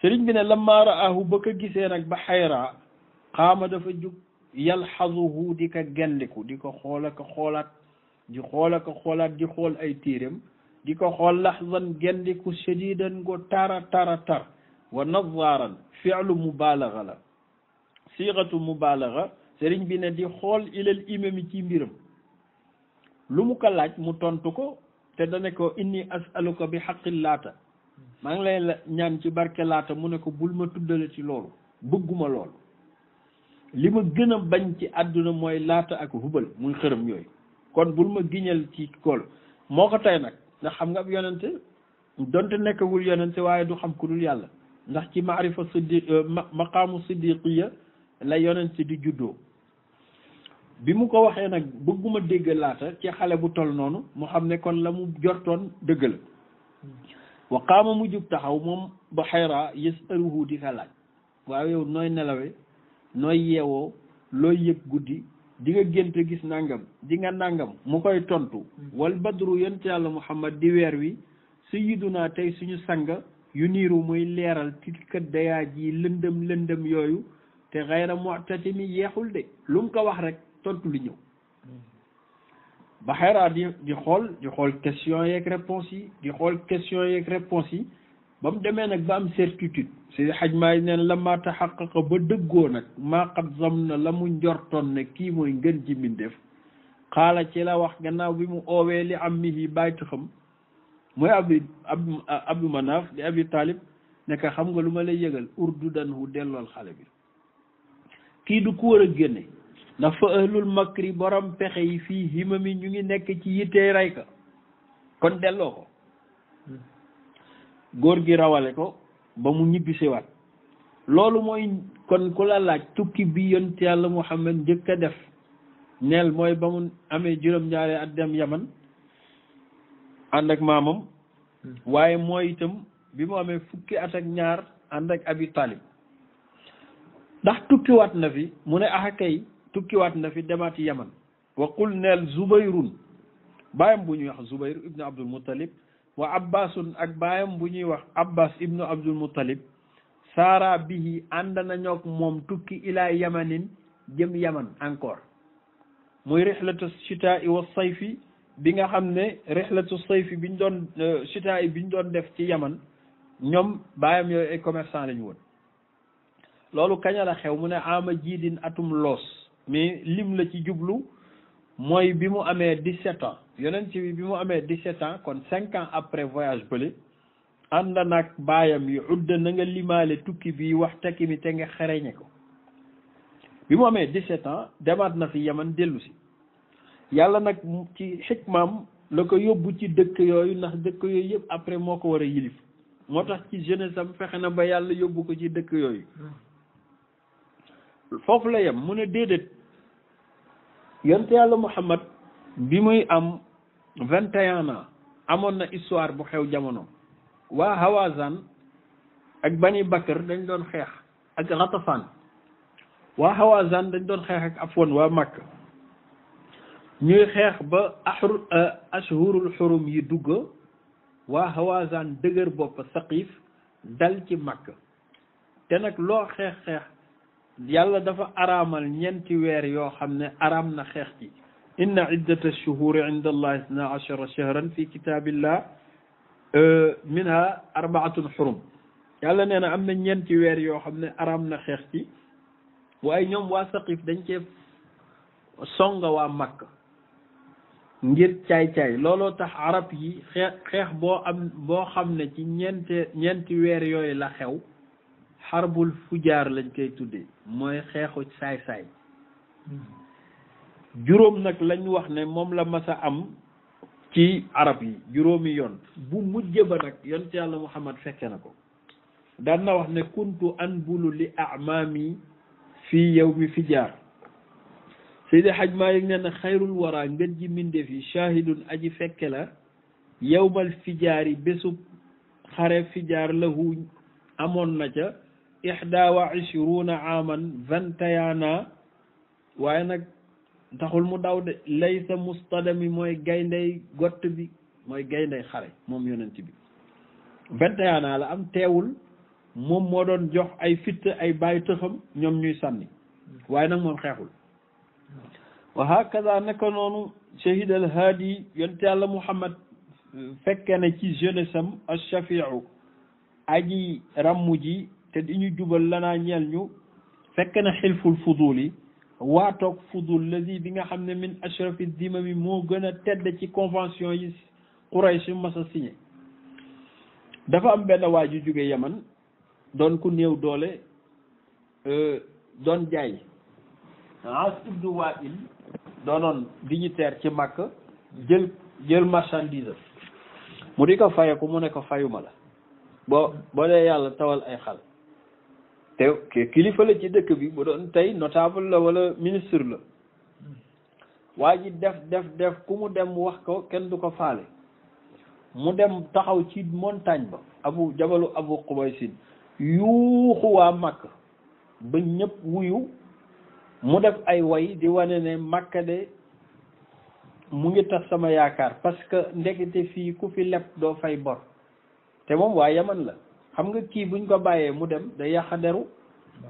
sëriñ bi ne lamma raahu ba ko gisee nag ba xayra xaama dafa jug yalxazuhu di ko gendiku di ko xoola ko xoolaat di xool ak xoolaat di xool ay tiirem di ko xool lahzan gendiku shadidan go tara tara tar wa nazaran fi'lu mubalagha la sighatu mubalagha sëriñ bi ne di xool ilal imami ci mbiram lu mu ko laaj mu tontu ko te dane ko inni as'aluka bi haqqil laata maa ngi lay ñaan ci barke laata mu ne ko bul ma tuddale ci loolu bëgguma lool li ma gën a bañ ci àdduna mooy laata ak hubal muy xërëm yooyu kon bul ma giñal ci kool moo ko tey nag ndax xam nga ab dont donte nekkagul yonente waaye du xam ku dul yàlla ndax ci maarifa siddiq euh, maqaamu siddiqiya la yonente di juddoo bi mu ko waxee nag bëgguma dégg laata ci xale bu toll noonu mu xam ne kon la mu jortoon dëgg la wa qaama taxaw moom ba xayra yës ëruhu di nooy nelawee nooy yeewoo looy yëg guddi dinga gént gis nangam dinga nàngam mu koy tontu mm. wal badru yonent yàlla muhammad di weer wi sayyiduna tey suñu sang yu niiru muy leeral tilka dayaa ji lëndëm lëndëm yooyu te xayra mu'tatimi yeexul de lu mu ko wax rek tontu li ñëw mm. ba di di xool di xool question yeeg réponse yi di xool question yeeg réponse yi ba mu demee nag ba am certitude si xaj maa yi neen la maa taxaqaqa ba dëggoo nag maa qad zam na la mu njortoon ne kii mooy ngën ji mbindéef xaala ci la wax gannaaw bi mu oowee li am mi yi bàyyi xam mooy abi abdu manaaf di abi taalib ne xam nga lu ma lay yëgal urdu dan wu dellool xale bi kii du ko war a génne ndax fa ahlul makri borom pexe yi fii himami ñu ngi nekk ci yittee rey ka kon delloo ko hmm. góor gi rawale ko ba mu ñibbisiwaat loolu mooy kon ku la laaj tukki bi yonent yàlla Muhammad njëkk a def neel mooy ba mu amee juróom-ñaari at dem Yaman ànd ak maamam waaye moo itam bi mu amee fukki at ak ñaar ànd ak Abi Talib ndax tukkiwaat na fi mu ne ax ah akay tukkiwaat na fi demaat Yaman wa qul neel Zubayrun bàyyam bu ñuy wax Zubayr ibnu Abdul Muttalib wa abbaasun ak baayam bu ñuy wax abbas ibnu abdul muttalib saara bihi ànd nañook moom tukki ilaa yamanin jëm yaman encore muy rihlatu shitaa'i wa sayfi bi nga xam ne rihlatu sayfi biñ doon euh, shitaa'i biñ doon def ci yaman ñoom baayam yooyu ay commerçant lañu woon loolu kañ la xew mu ne ama jiidin atum loos mais lim la ci jublu mooy bi mu amee dix-sept yonent bi bi mu amee 17 ans kon 5 ans après voyage bële ànd nag baayam yi udda na nga limaale tukki bi wax tekki mi te nga xereñe ko bi mu amee 17 ans demaat na fi yaman dellu si yàlla nag ci xikmaam la ko yóbbu ci dëkk yooyu ndax dëkk yooyu yëpp après moo ko war a yilif moo tax ci jeunesse am fexe na ba yàlla yóbbu ko ci dëkk yooyu foofu la yem mu ne déedéet yonte yàlla Muhammad bi muy am vingt et un ans amoon na histoire bu xew jamono waa Hawazan ak Bani Bakr dañ doon xeex ak Ghatafan waa Hawazan dañ doon xeex ak Afwan waa Makka ñuy xeex ba ahru euh, ashhurul xurum yi dugg waa Hawazan dëgër bopp Saqif dal ci Makka te nag loo xeex xeex yàlla dafa araamal ñeenti weer yoo xam ne araam na xeex ci inna iddata ash-shuhuri inda allahi isna ashara shahran fi kitabillah minha arbaatun xurum yàlla nee na am na ñeenti weer yoo xam ne araam na xeex ci waaye ñoom waa saqif dañ cee songa waa makka ngir caay-caay looloo tax arab yi xeex xeex boo am boo xam ne ci ñeente ñeenti weer yooyu la xew xarbul fujaar lañ koy tuddee mooy xeexu saay-saay juróom nag lañ wax ne moom la masa am ci arab yi juróomi yoon bu mujj ba nag yoon ci yàlla muhammad fekke na ko daan na wax ne kuntu anbulu li amaami fii yawmi fijaar Seydi Haj Maalik nee na xayrul wara ngën ji mbindeef yi shahidun aji fekke la yawmal fijaar yi bésu xare fijaar lahu amoon na ca ixda wa ishruna aman vingt et waaye nag taxul mu daw de laysa mustadami mooy gayndey gott bi mooy gayndey xare moom yonent bi vingt et un la am teewul moom moo doon jox ay fitt ay bàyyi tëxam ñoom ñuy sànni waaye nag moom xeexul wa hakaza naka noonu shahid al hadi yonent yàlla muhammad fekke na ci jeunesse am ash-shafi'u aji rammu ji te di ñu jubal lanaa ñeel ñu fekk na xilful fuduli waatoog fudul lazi bi nga xam ne min ashrafi dimami moo gën a tedd ci convention yi Quraysh mas a signé dafa am benn waa ju jóge Yaman doon ku néew doole euh, doon jaay As ibnu Waa'il doonoon dignitaire ci Makk jël jël marchandise mu di ko fayeku mu ne ko fayuma la boo boo dee yàlla tawal ay xal te kilifa la ci dëkk bi bu doon tey notable la wala ministre la waa ji def def def ku mu dem wax ko kenn du ko faale mu dem taxaw ci montagne ba abu jabalu abu xubaysin yuuxu waa màkk ba ñépp wuyu mu def ay way di wane ne màkk de mu ngi tax sama yaakaar parce que ndekete fii ku fi leb doo fay bor te moom waa yaman la xam nga kii buñ ko bàyyee mu dem day yàq deru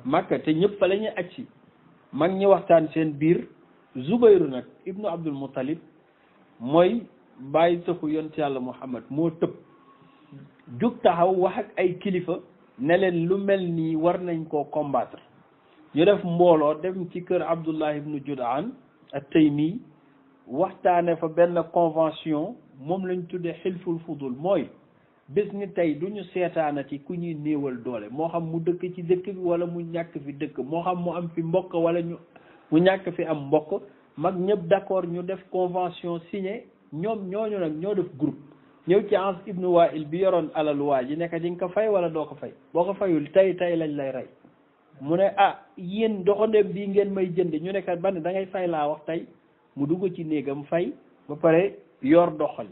Makka te ñëpp lañuy la ñuy aj si mag ñi waxtaan seen biir Zubayru nag ibnu Abdul Muttalib mooy bàyyi tëxu si yàlla Muhammad moo tëb jug taxaw wax ak ay kilifa ne leen lu mel nii war nañ koo combattre ñu def mbooloo dem ci kër Abdullah ibnu Judaan at-Taymi waxtaane fa benn convention moom lañ tuddee xilful fudul mooy bés ni tey du ñu seetaanati ku ñuy néewal doole moo xam mu dëkk ci dëkk bi wala mu ñàkk fi dëkk moo xam mu am fi mbokk wala ñu mu ñàkk fi am mbokk mag ñëpp d'accord ñu def convention signe ñoom ñooñu nag ñoo def groupe ñëw ci Ans ibnu Wail bi yoroon alalu waa yi nekk di nga ko fay wala doo ko fay boo ko fayul tey tey lañ lay rey mu ne ah yéen doxandéem bii ngeen may jënd ñu ne ba ne da ngay fay laa wax tey mu dugg ci néegam fay ba pare yor doxali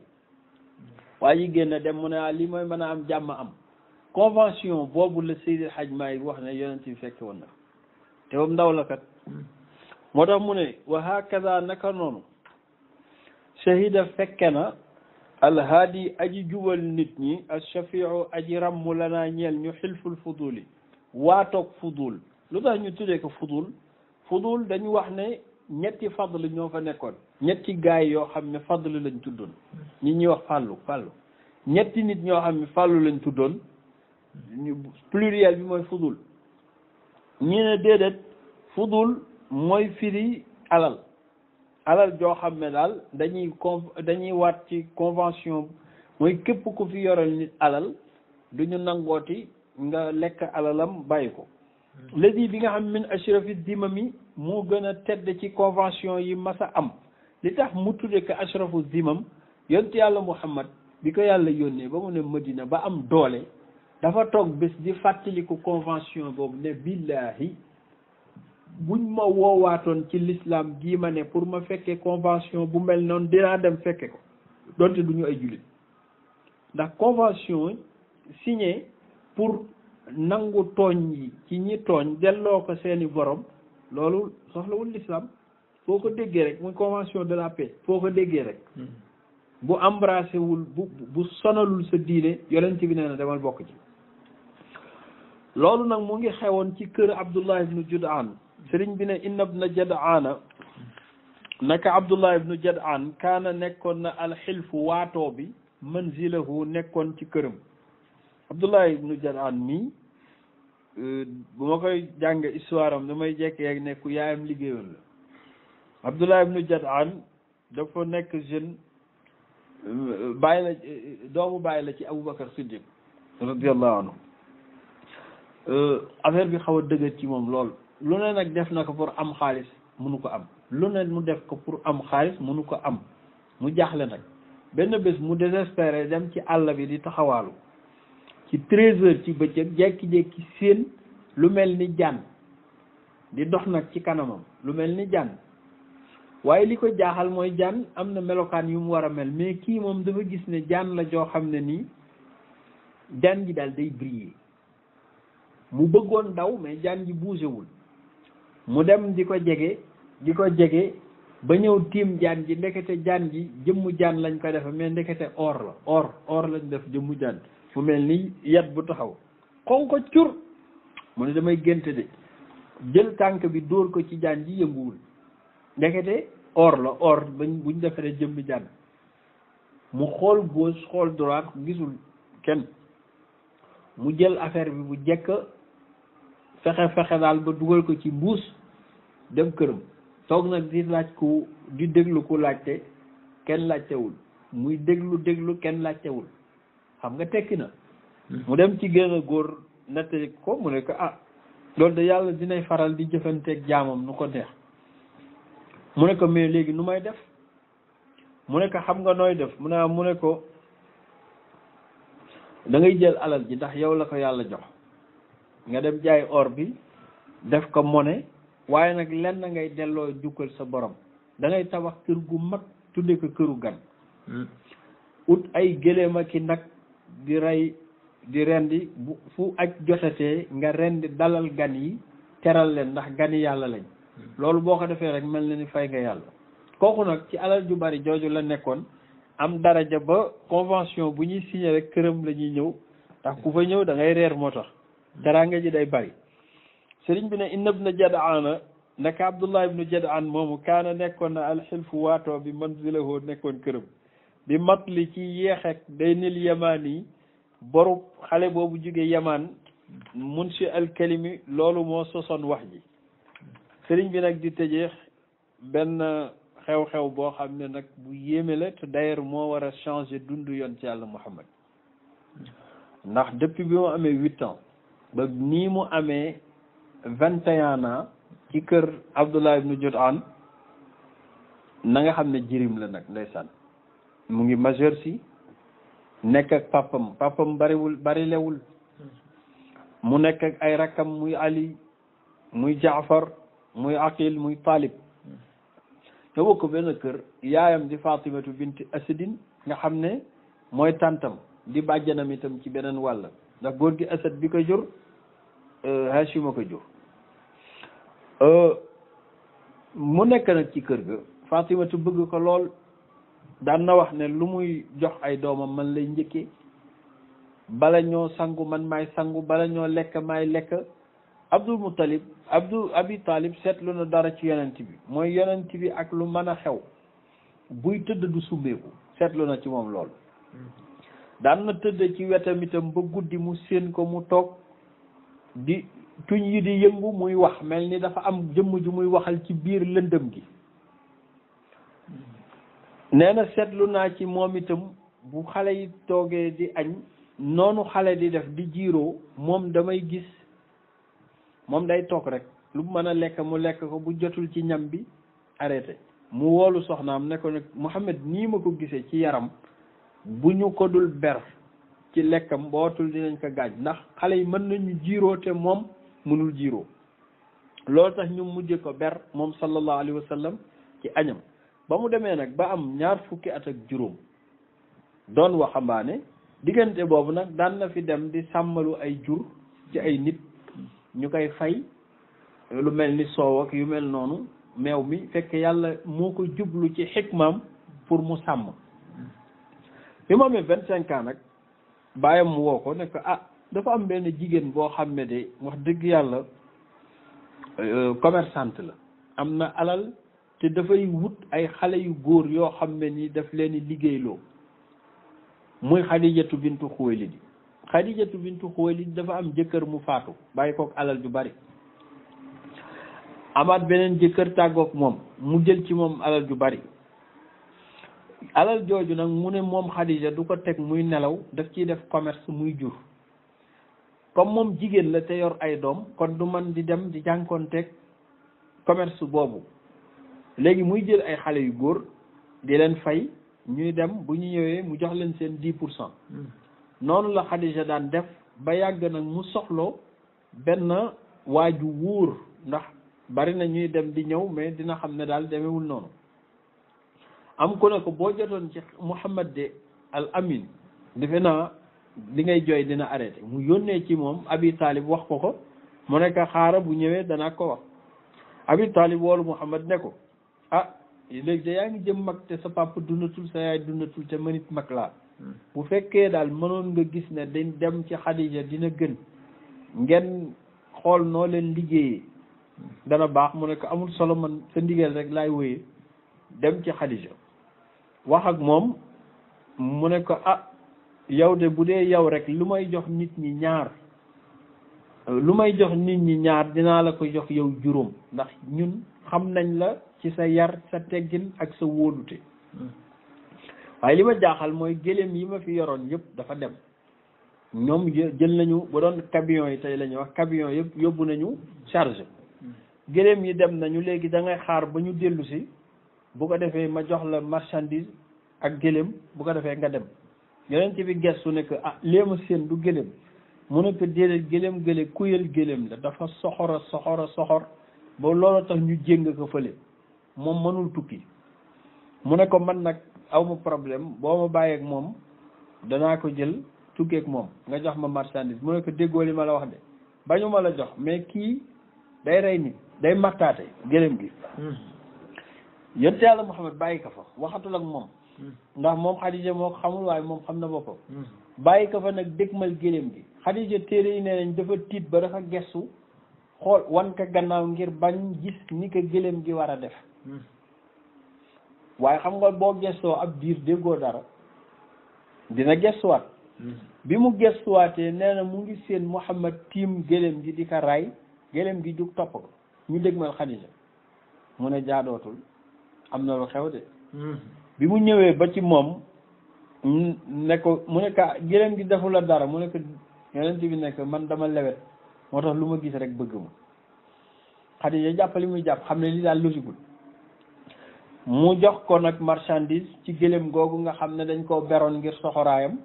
waa ji génn dem mu ne ah lii mooy mën a am jàmm am convention boobu la Seydi Haj Maalik wax ne yonent bi fekke woon na te boobu ndaw la kat moo tax mu ne wa hakaza naka noonu shahida fekke na alhaadi aji jubal nit ñi ashafiu aji ràmm lanaa ñeel ñu xilful fuduli waatoog fudul lu tax ñu tuddee ko fudul fudul dañu wax ne ñetti la ñoo fa nekkoon ñetti gaay yoo xam ne fadlu lañ tuddoon ñi ñuy wax fàllu fàllu ñetti nit ñoo xam ne fàllu lañ tuddoon pluriel bi mooy fudul ñi ne déedéet fudul mooy firi alal alal joo xam ne daal dañuy con waat ci convention mooy képp ku fi yoral nit alal du ñu nangooti nga lekk alalam bàyyi ko hmm. léegi bi nga xam min ashrafi dimami moo gën a tedd ci convention yi masa am li tax mu tudde ko ashrafu zimam yontu yàlla muhammad bi ko yàlla yónnee ba mu ne Madina ba am doole dafa toog bés di fàttaliku convention boobu ne billahi buñ ma woowaatoon ci l'islam gii ma ne pour ma fekkee convention bu mel noonu dinaa dem fekke ko donte du ñu ay jullit ndax convention signée pour nangu tooñ yi ci ñi tooñ delloo ko seeni boroom loolu soxlawul l'islam foo ko déggee rek muy convention de la paix foo ko déggee rek hmm. bu embrassé wul bu bu sonalul sa diine yonent bi nee na demal bokk ci loolu nag mu ngi xewoon ci kër Abdullah ibnu Jud'aan sëriñ bi ne inna ibna Jad'aana naka Abdullah ibnu Jad'aan kaana nekkoon na alxilfu waato bi manzilahu nekkoon ci këram Abdullah ibnu Jad'aan mii euh, bu ma koy jàng histoire am damay jekk yeeg nekku yaayam liggéeyoon la Abdullah ibnu Jad'an dafa nekk jeune bàyyi la doomu bàyyi la ci Aboubacar Siddiq radiallahu anhu euh, affaire bi xaw a dëgër ci moom lool lu ne nag def na ko pour am xaalis mënu ko am lu mu def ko pour am xaalis mënu ko am mu jaaxle nag benn bés mu désespéré dem ci àll bi di taxawaalu ci treize heures ci bëccëg jékki-jékki séen lu mel ni jaan di dox nag ci kanamam lu mel ni jaan waaye li ko jaaxal mooy jaan am na melokaan yu mu war a mel mais kii moom dafa gis ne jaan la joo xam ne nii jaan ji daal day briller mu bëggoon daw mais jaan ji buusewul mu dem di ko jege di ko jege ba ñëw tiim jaan ji ndekete jaan ji jëmm jaan lañ ko defe mais ndekete or la or or lañ def jëmmu jaan fu mel ni yat bu taxaw xonko cur mu ne damay gént de jël tànk bi dóor ko ci jaan ji yënguwul ndekete or la or bañ buñ defaree jëmmi jànn mu xool gauche xool droite gisul kenn mu jël affaire bi bu jekk fexe fexe daal ba dugal ko ci mbuus dem këram toog nag di laaj ku di déglu ku laajte kenn laajtewul muy déglu déglu kenn laajtewul xam nga tekki na hmm. mu dem ci gën góor natte ko mu ne ko ah loolu de yàlla dinay faral di jëfanteek jaamam nu ko neex mu ne ko mais léegi nu may def mu ne ko xam nga nooy def mu ne mu ne ko dangay jël alal ji ndax yow la ko yàlla jox nga dem jaay or bi def ko monnaie waaye nag lenn ngay delloo jukkal sa borom da ngay tabax kër gu mag tudde ko këru gan hmm. ut ay gëléem ak i nag di rey di rendi bu fu aj jotatee nga rendi dalal gan yi teral leen ndax gani yàlla lañ loolu boo ko defee rek mel na ni fay nga yàlla kooku nag ci alal ju bari jooju la nekkoon am daraja ba convention bu ñuy signé rek këram la ñuy ñëw ndax ku fa ñëw dangay reer moo tax nga ji day bari sëriñ bi ne na ibn jad'ana naka abdullah ibn jad'an moomu kaana nekkoon na alxilfu waatoo bi manzilahoo nekkoon këram bi mat li ci yeex day nil yamaan yi borub xale boobu jóge yamaan munshi alkalimi loolu moo sosoon wax ji sëriñ bi nag di tëjee benn xew-xew boo xam ne nag bu yéeme la te d'ailleurs moo war a changer dundu yoon ci yàlla Muhammad ndax depuis bi mu amee huit ans ba nii mu amee vingt et un ans ci kër Abdullah ibn Jud'an na nga xam ne jirim la nag ndeysaan mu ngi majeur ci nekk ak papam papam bariwul barilewul mu nekk ak ay rakkam muy Ali muy Jaafar muy aqil muy talib ñoo ko benn kër yaayam di fatimatu bint asadin nga xam ne mooy tàntam di bàjjanam itam ci beneen wàll ndax góor gi asad bi ko jur euh, hashima ko jur euh, mu nekk nag ci kër ga fatimatu bëgg ko lool daan na wax ne lu muy jox ay doomam man lay njëkkee bala ñoo sangu man may sangu bala ñoo lekk may lekk Abdul Muttalib Abdul Abi seetlu na dara ci yonent bi mooy yonent bi ak lu mën a xew buy tëdd du sumbeeku seetlu na ci moom loolu daan na tëdd ci wetam itam ba guddi mu séen ko mu toog di tuñ yi di yëngu muy wax mel ni dafa am jëmm ju muy waxal ci biir lëndëm gi nee seetlu naa ci moom itam bu xale yi toogee di añ noonu xale di def di jiiroo moom damay gis moom day toog rek lu mën a lekk mu lekk ko bu jotul ci ñam bi arrêté mu woolu soxnaam ne ko nag Mouhamed nii ma ko gisee ci yaram bu ñu ko dul ber ci lekkam bootul dinañ ko gaaj ndax xale yi mën nañu jiiroo te moom mënul jiiroo loolu tax ñu mujj ko ber moom sallallahu alayhi wa ci añam ba mu demee nag ba am ñaar fukki at ak juróom doon waxambaane diggante boobu nag daan na fi dem di sàmmalu ay jur ci ay nit ñu koy fay lu mel ni soow ak yu mel noonu meew mi fekk yàlla moo ko jublu ci xikmaam pour mu sàmm bi mu amee vingt cinq ans nag bàyyam woo ko ne ko ah dafa am benn jigéen boo xam ne de wax dëgg yàlla euh, commerçante la am na alal te dafay wut ay xale yu góor yoo xam ne ni def leen liggéeyloo muy Xadijatu bintu Xuwaylid xadijatu bintu li dafa am jëkkër mu faatu bàyyi kook alal ju bari amaat beneen jëkkër tàggook moom mu jël ci moom alal ju bari alal jooju nag mu ne moom xadija du ko teg muy nelaw daf ciy def commerce muy jur comme moom jigéen la te yor ay doom kon du man di dem di jànkoon jànkoonteeg commerce boobu léegi muy jël ay xale yu góor di leen fay ñuy dem bu ñu ñëwee mu jox leen seen dix pour cent hmm. noonu la Xadija daan def ba yàgg nag mu soxloo benn waaju wóor ndax bari na ñuy dem di ñëw mais dina xam ne daal demewul noonu am ku ne ko boo jotoon ci Muhammad de al Amin defe naa li ngay jooy dina arrêté mu yónnee ci moom Abi wax ko ko mu nekk xaara bu ñëwee danaa ko wax Abi Talib woolu Muhammad ne ko ah léegi de yaa ngi jëm mag te sa papa dundatul sa yaay dundatul te manit mag laa bu fekkee daal mënoon nga gis ne dañ dem ci Xadija dina gën ngeen xool noo leen liggéeyee dana baax mu nekk amul solo man sa ndigal rek laay wéyee dem ci Xadija wax ak moom mu ne ko ah yow de bu dee yow rek lu may jox nit ñi ñaar lu may jox nit ñi ñaar dinaa la ko jox yow juróom ndax ñun xam nañ la ci sa yar sa teggin ak sa wóolute waaye li ma jaaxal mooy gëléem yi ma fi yoroon yëpp dafa dem ñoom jël nañu bu doon camion yi tey la wax camion yëpp yóbbu nañu charge gëléem yi dem nañu léegi da ngay xaar ba ñu dellu si bu ko defee ma jox la marchandise ak gëléem bu ko defee nga dem yeneen ci bi gestu ne que ah léema seen du gëléem mu ne ko déedéet gëléem gële kuyal gëléem la dafa soxora soxora soxor ba loolu tax ñu jéng ko fële moom mënul tukki mu ne ko man nag aw ma problème boo ma bàyyeeg moom danaa ko jël tukkeeg moom nga jox ma marchandise mu ne ko déggoo li ma la wax de bañu ma la jox mais kii day rey nit day mattaate gëlëm gi hmm. yonte yàlla Muhammad bàyyi ko fa waxatul ak moom hmm. ndax moom Xadija moo xamul waaye moom xam na boppam hmm. bàyyi ko fa nag dégmal gëlëm gi Xadija téere yi nee nañ dafa tiit ba dafa gestu xool wan ka gannaaw ngir bañ gis ni ko gëlëm gi war a def waaye xam nga boo gestoo ak biir déggoo dara dina gestuwaat hmm. bi mu gestuwaatee nee na mu ngi seen Muhammad tiim gëléem gi di ko ray gi jug topp ko ñu dégg mal Xadija mu ne jaadootul am na lu xew de hmm. bi mu ñëwee ba ci moom ne ko mu ne ka gi defu la dara mu ne ko yonent bi nekk man dama lewet moo tax lu ma gis rek bëgg ma Xadija jàppali muy jàpp xam ne li daal losigul mu jox ko nag marchandise ci gëléem googu nga xam ne dañ koo beroon ngir soxoraayam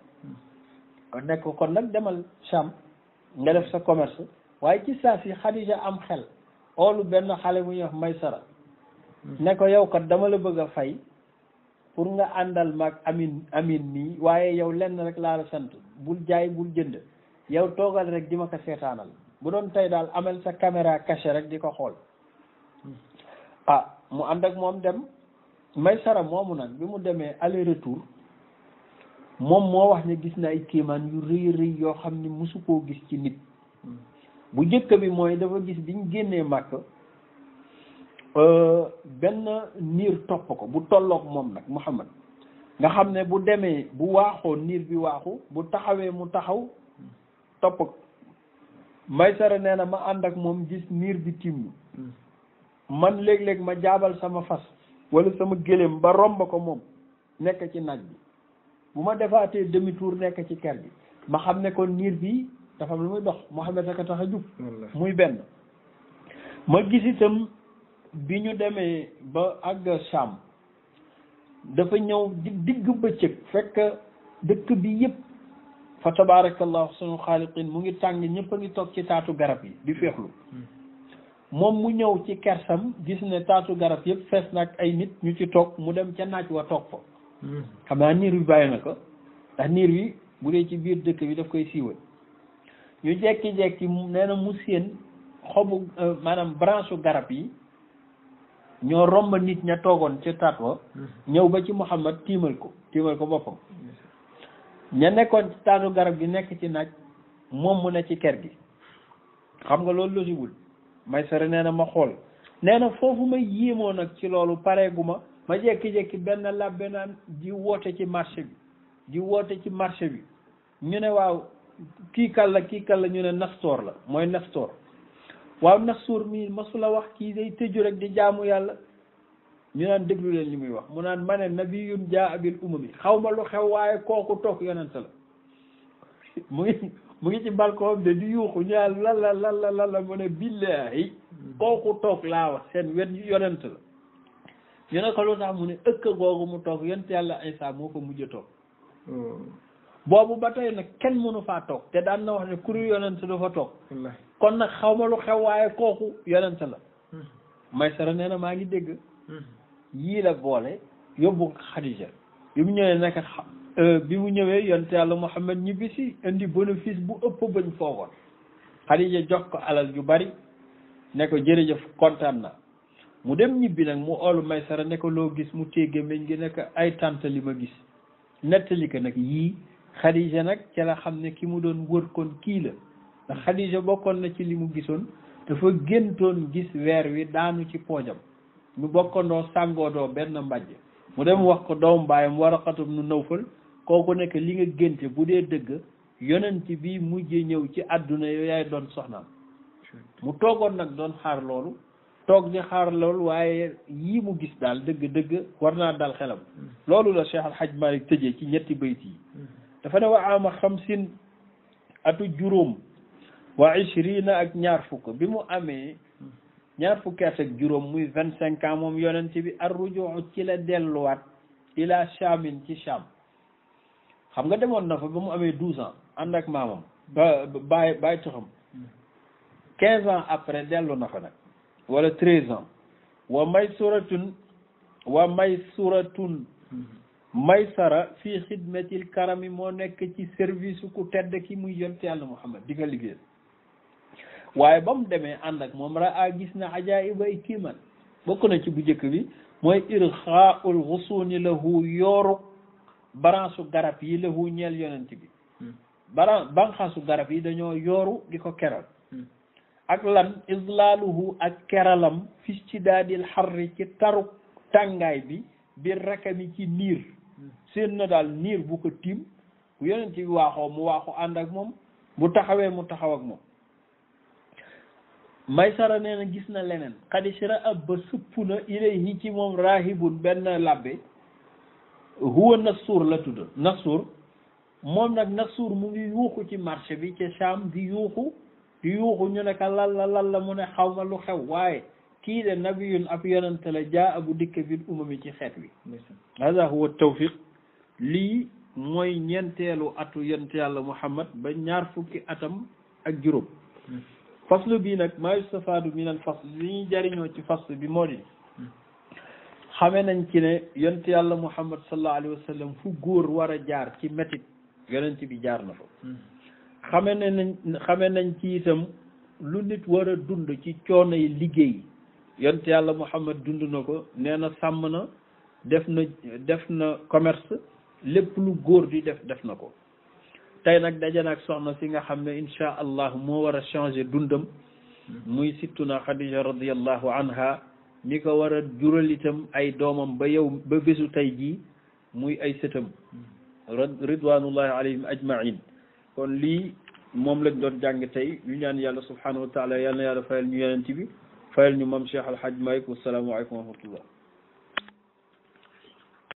ko nekk ko nag demal Sham nga def sa commerce waaye ci saa si Xadija am xel oolu benn xale bu ñuy may sara ne ko yow kat dama la bëgg a fay pour nga àndal mag amin amin nii waaye yow lenn rek laa la bul jaay bul jënd yow toogal rek di ma ko seetaanal bu doon tey daal amel sa caméra caché rek di ko xool hmm. ah mu am ak moom dem Maysara moomu nag bi mu demee aller retour moom moo wax ne gis na ay kéemaan yu rëy rëy yoo xam ne mosu koo gis ci nit bu njëkk bi mooy dafa gis bi ñu génnee màkk euh, benn niir topp ko bu tollook moom nag Muhammad nga xam ne bu demee bu waaxoo niir bi waaxu bu taxawee mu taxaw topp ko Maysara nee na ma ànd ak moom gis niir bi timm man léeg-léeg ma jaabal sama fas wala sama gëléem ba romb ko moom nekk ci naaj bi bu ma defaatee demituur nekk ci ker gi ma xam ne kon niir bi dafa am lu muy dox Mouhamed ak a tax a jub muy benn ma gis itam bi ñu demee ba àgg Cham dafa ñëw digg bëccëg fekk dëkk bi yëpp fa tabarakallahu sunu xaaliqin mu ngi tàng ñëpp a ngi toog ci taatu garab yi di féexlu hmm. moom mu ñëw ci kersam gis ne taatu garab yëpp fees nag ay nit ñu ci toog mu dem ca naaj wa toog fa hmm. xam naa niir bi bàyyi ko niir bi bu dee ci biir dëkk bi daf koy siiwal ñu jekki-jekki nee na mu séen xobu euh, maanaam branche garab yi ñoo romb nit ña toogoon ca taat wa hmm. ñëw ba ci Muhammad tiimal ko tiimal ko boppam ña nekkoon ci garab gi nekk ci naaj moom mu ci ker gi xam nga loolu logiwul Maysara nee na ma xool nee na foofu ma yéemoo nag ci loolu pareegu ma ma jekki-jekki benn labbe naan di woote ci marché bi di woote ci marché bi ñu ne waaw kii kal la kii kal la ñu ne nastoor la mooy nastoor waaw nastoor mii la wax kii day tëju rek di jaamu yàlla ñu naan déglu leen li muy wax mu naan ma ne nabiyun jaa abil umami xaw ma lu xew waaye kooku toog yonent la mu ngi mu ngi ci balcon de di yuuxu ñu naan lalla lalla lalla mu ne billahi kooku toog laa wax seen wet yonent la ñu ne ko lu tax mu ne ëkk googu mu toog yonent yàlla saa moo fa mujj toog hmm. boobu ba tey nag kenn mënu faa toog te daan na wax ne kuru yonent du fa toog kon nag xaw ma lu xew waaye kooku yonent la hmm. Maysara nee na maa ngi dégg hmm. yii la boole yóbbu Xadija yu mu ñëwee nekk Euh, bi mu ñëwee yonte yàlla Muhammad ñibbisi indi bénéfice bu ëpp bañ foogoon Xadija jox ko alal ju bari ne ko jërëjëf kontaan na mu dem ñibbi nag mu olu Maysara ne loo gis mu téye gémmiñ gi ne ay tànt li ma gis nettali ko nag yii Xadija nag ci la xam ne ki mu doon wër kon kii la ndax Xadija bokkoon na ci li mu gisoon dafa géntoon gis weer wi daanu ci poojam ñu bokkandoo sàngoodoo benn mbàjj mu dem wax ko doom baayam Waraqatu bnu Nawfal kooku nekk li nga génte bu dee dëgg yonent bi mujjee ñëw ci àdduna yow yaay doon soxnaam mu toogoon nag doon xaar loolu toog di xaar lool waaye yii mu gis daal dëgg-dëgg war naa daal xelam loolu la Cheikh Al Hadj Malick ci ñetti bayt yi dafa ne wa ama xamsin atu juróom wa ishrina ak ñaar fukk bi mu amee ñaar fukki at ak juróom muy vingt cinq ans moom yonent bi ar rujuu ci la delluwaat ila chamin ci cham xam nga demoon na fa ba mu amee douze ans ànd ak maamam ba bàyyi bàyyi toxam quinze ans après dellu na fa nag wala treize ans wa may suratun wa may suratun maysara fii xidmatil karami moo nekk ci service ku tedd ki muy yont yàlla muhammad di ko liggéeyal waaye ba mu demee ànd ak moom ra a gis na ajaayiba ay kiiman bokk na ci bu njëkk bi mooy irxaaul xusuuni lahu yooru branche garab yi la hu ñeel yonent bi hmm. baran banqaasu garab yi dañoo yooru di ko keral hmm. ak lan islaaluhu ak keralam fis ci daadil xarri ci taruk tàngaay bi bi rakami ci niir hmm. seen na daal niir bu ko tiim bu yonent bi waaxoo mu waaxu ànd ak moom bu taxawee mu taxaw ak moom maysara nee na gis na leneen xadisira ab ba sëpp na ilayhi ci moom raahibun benn labbe huwa Nassour la tudd Nassour moom nag Nassour mu ngi yuuxu ci marché bi ca Sham di yuuxu di yuuxu ñu ne ka lan la mu ne xaw ma lu xew waaye kii de nabiyun ab yonente la jaa abu dikk bil umami ci xeet wi hada huwa tawfiq lii mooy ñeenteelu atu yonent yàlla Muhammad ba ñaar fukki atam ak juróom hmm. faslu bii nag maa yustafaadu min li ñuy jariñoo ci faslu bi moo di xame nañ ci ne yonent yàlla muhammad sallallahu alayhi wa sallam fu góor war a jaar ci métit yonent bi jaar na ko xame nañ xame nañ ci itam lu nit war a dund ci coono yi liggéey yonent yàlla muhammad dund na ko nee na sàmm na def na def na commerce lépp lu góor di def def na ko tey nag daje na ak soxna si nga xam ne incha allah moo war a changer dundam hmm. muy sittuna xadija radiyallahu anha li ko war a jural itam ay doomam ba yow ba bésu tey jii muy ay sëtam ridwanullahi alayhim ajmain kon lii moom lañ doon jàng tey ñu ñaan yàlla subhanahu wa taala yàlla na yàlla fayal ñu yonent bi fayal ñu mam cheikh alhaj malik wasalaamu aleykum wa rahmatullah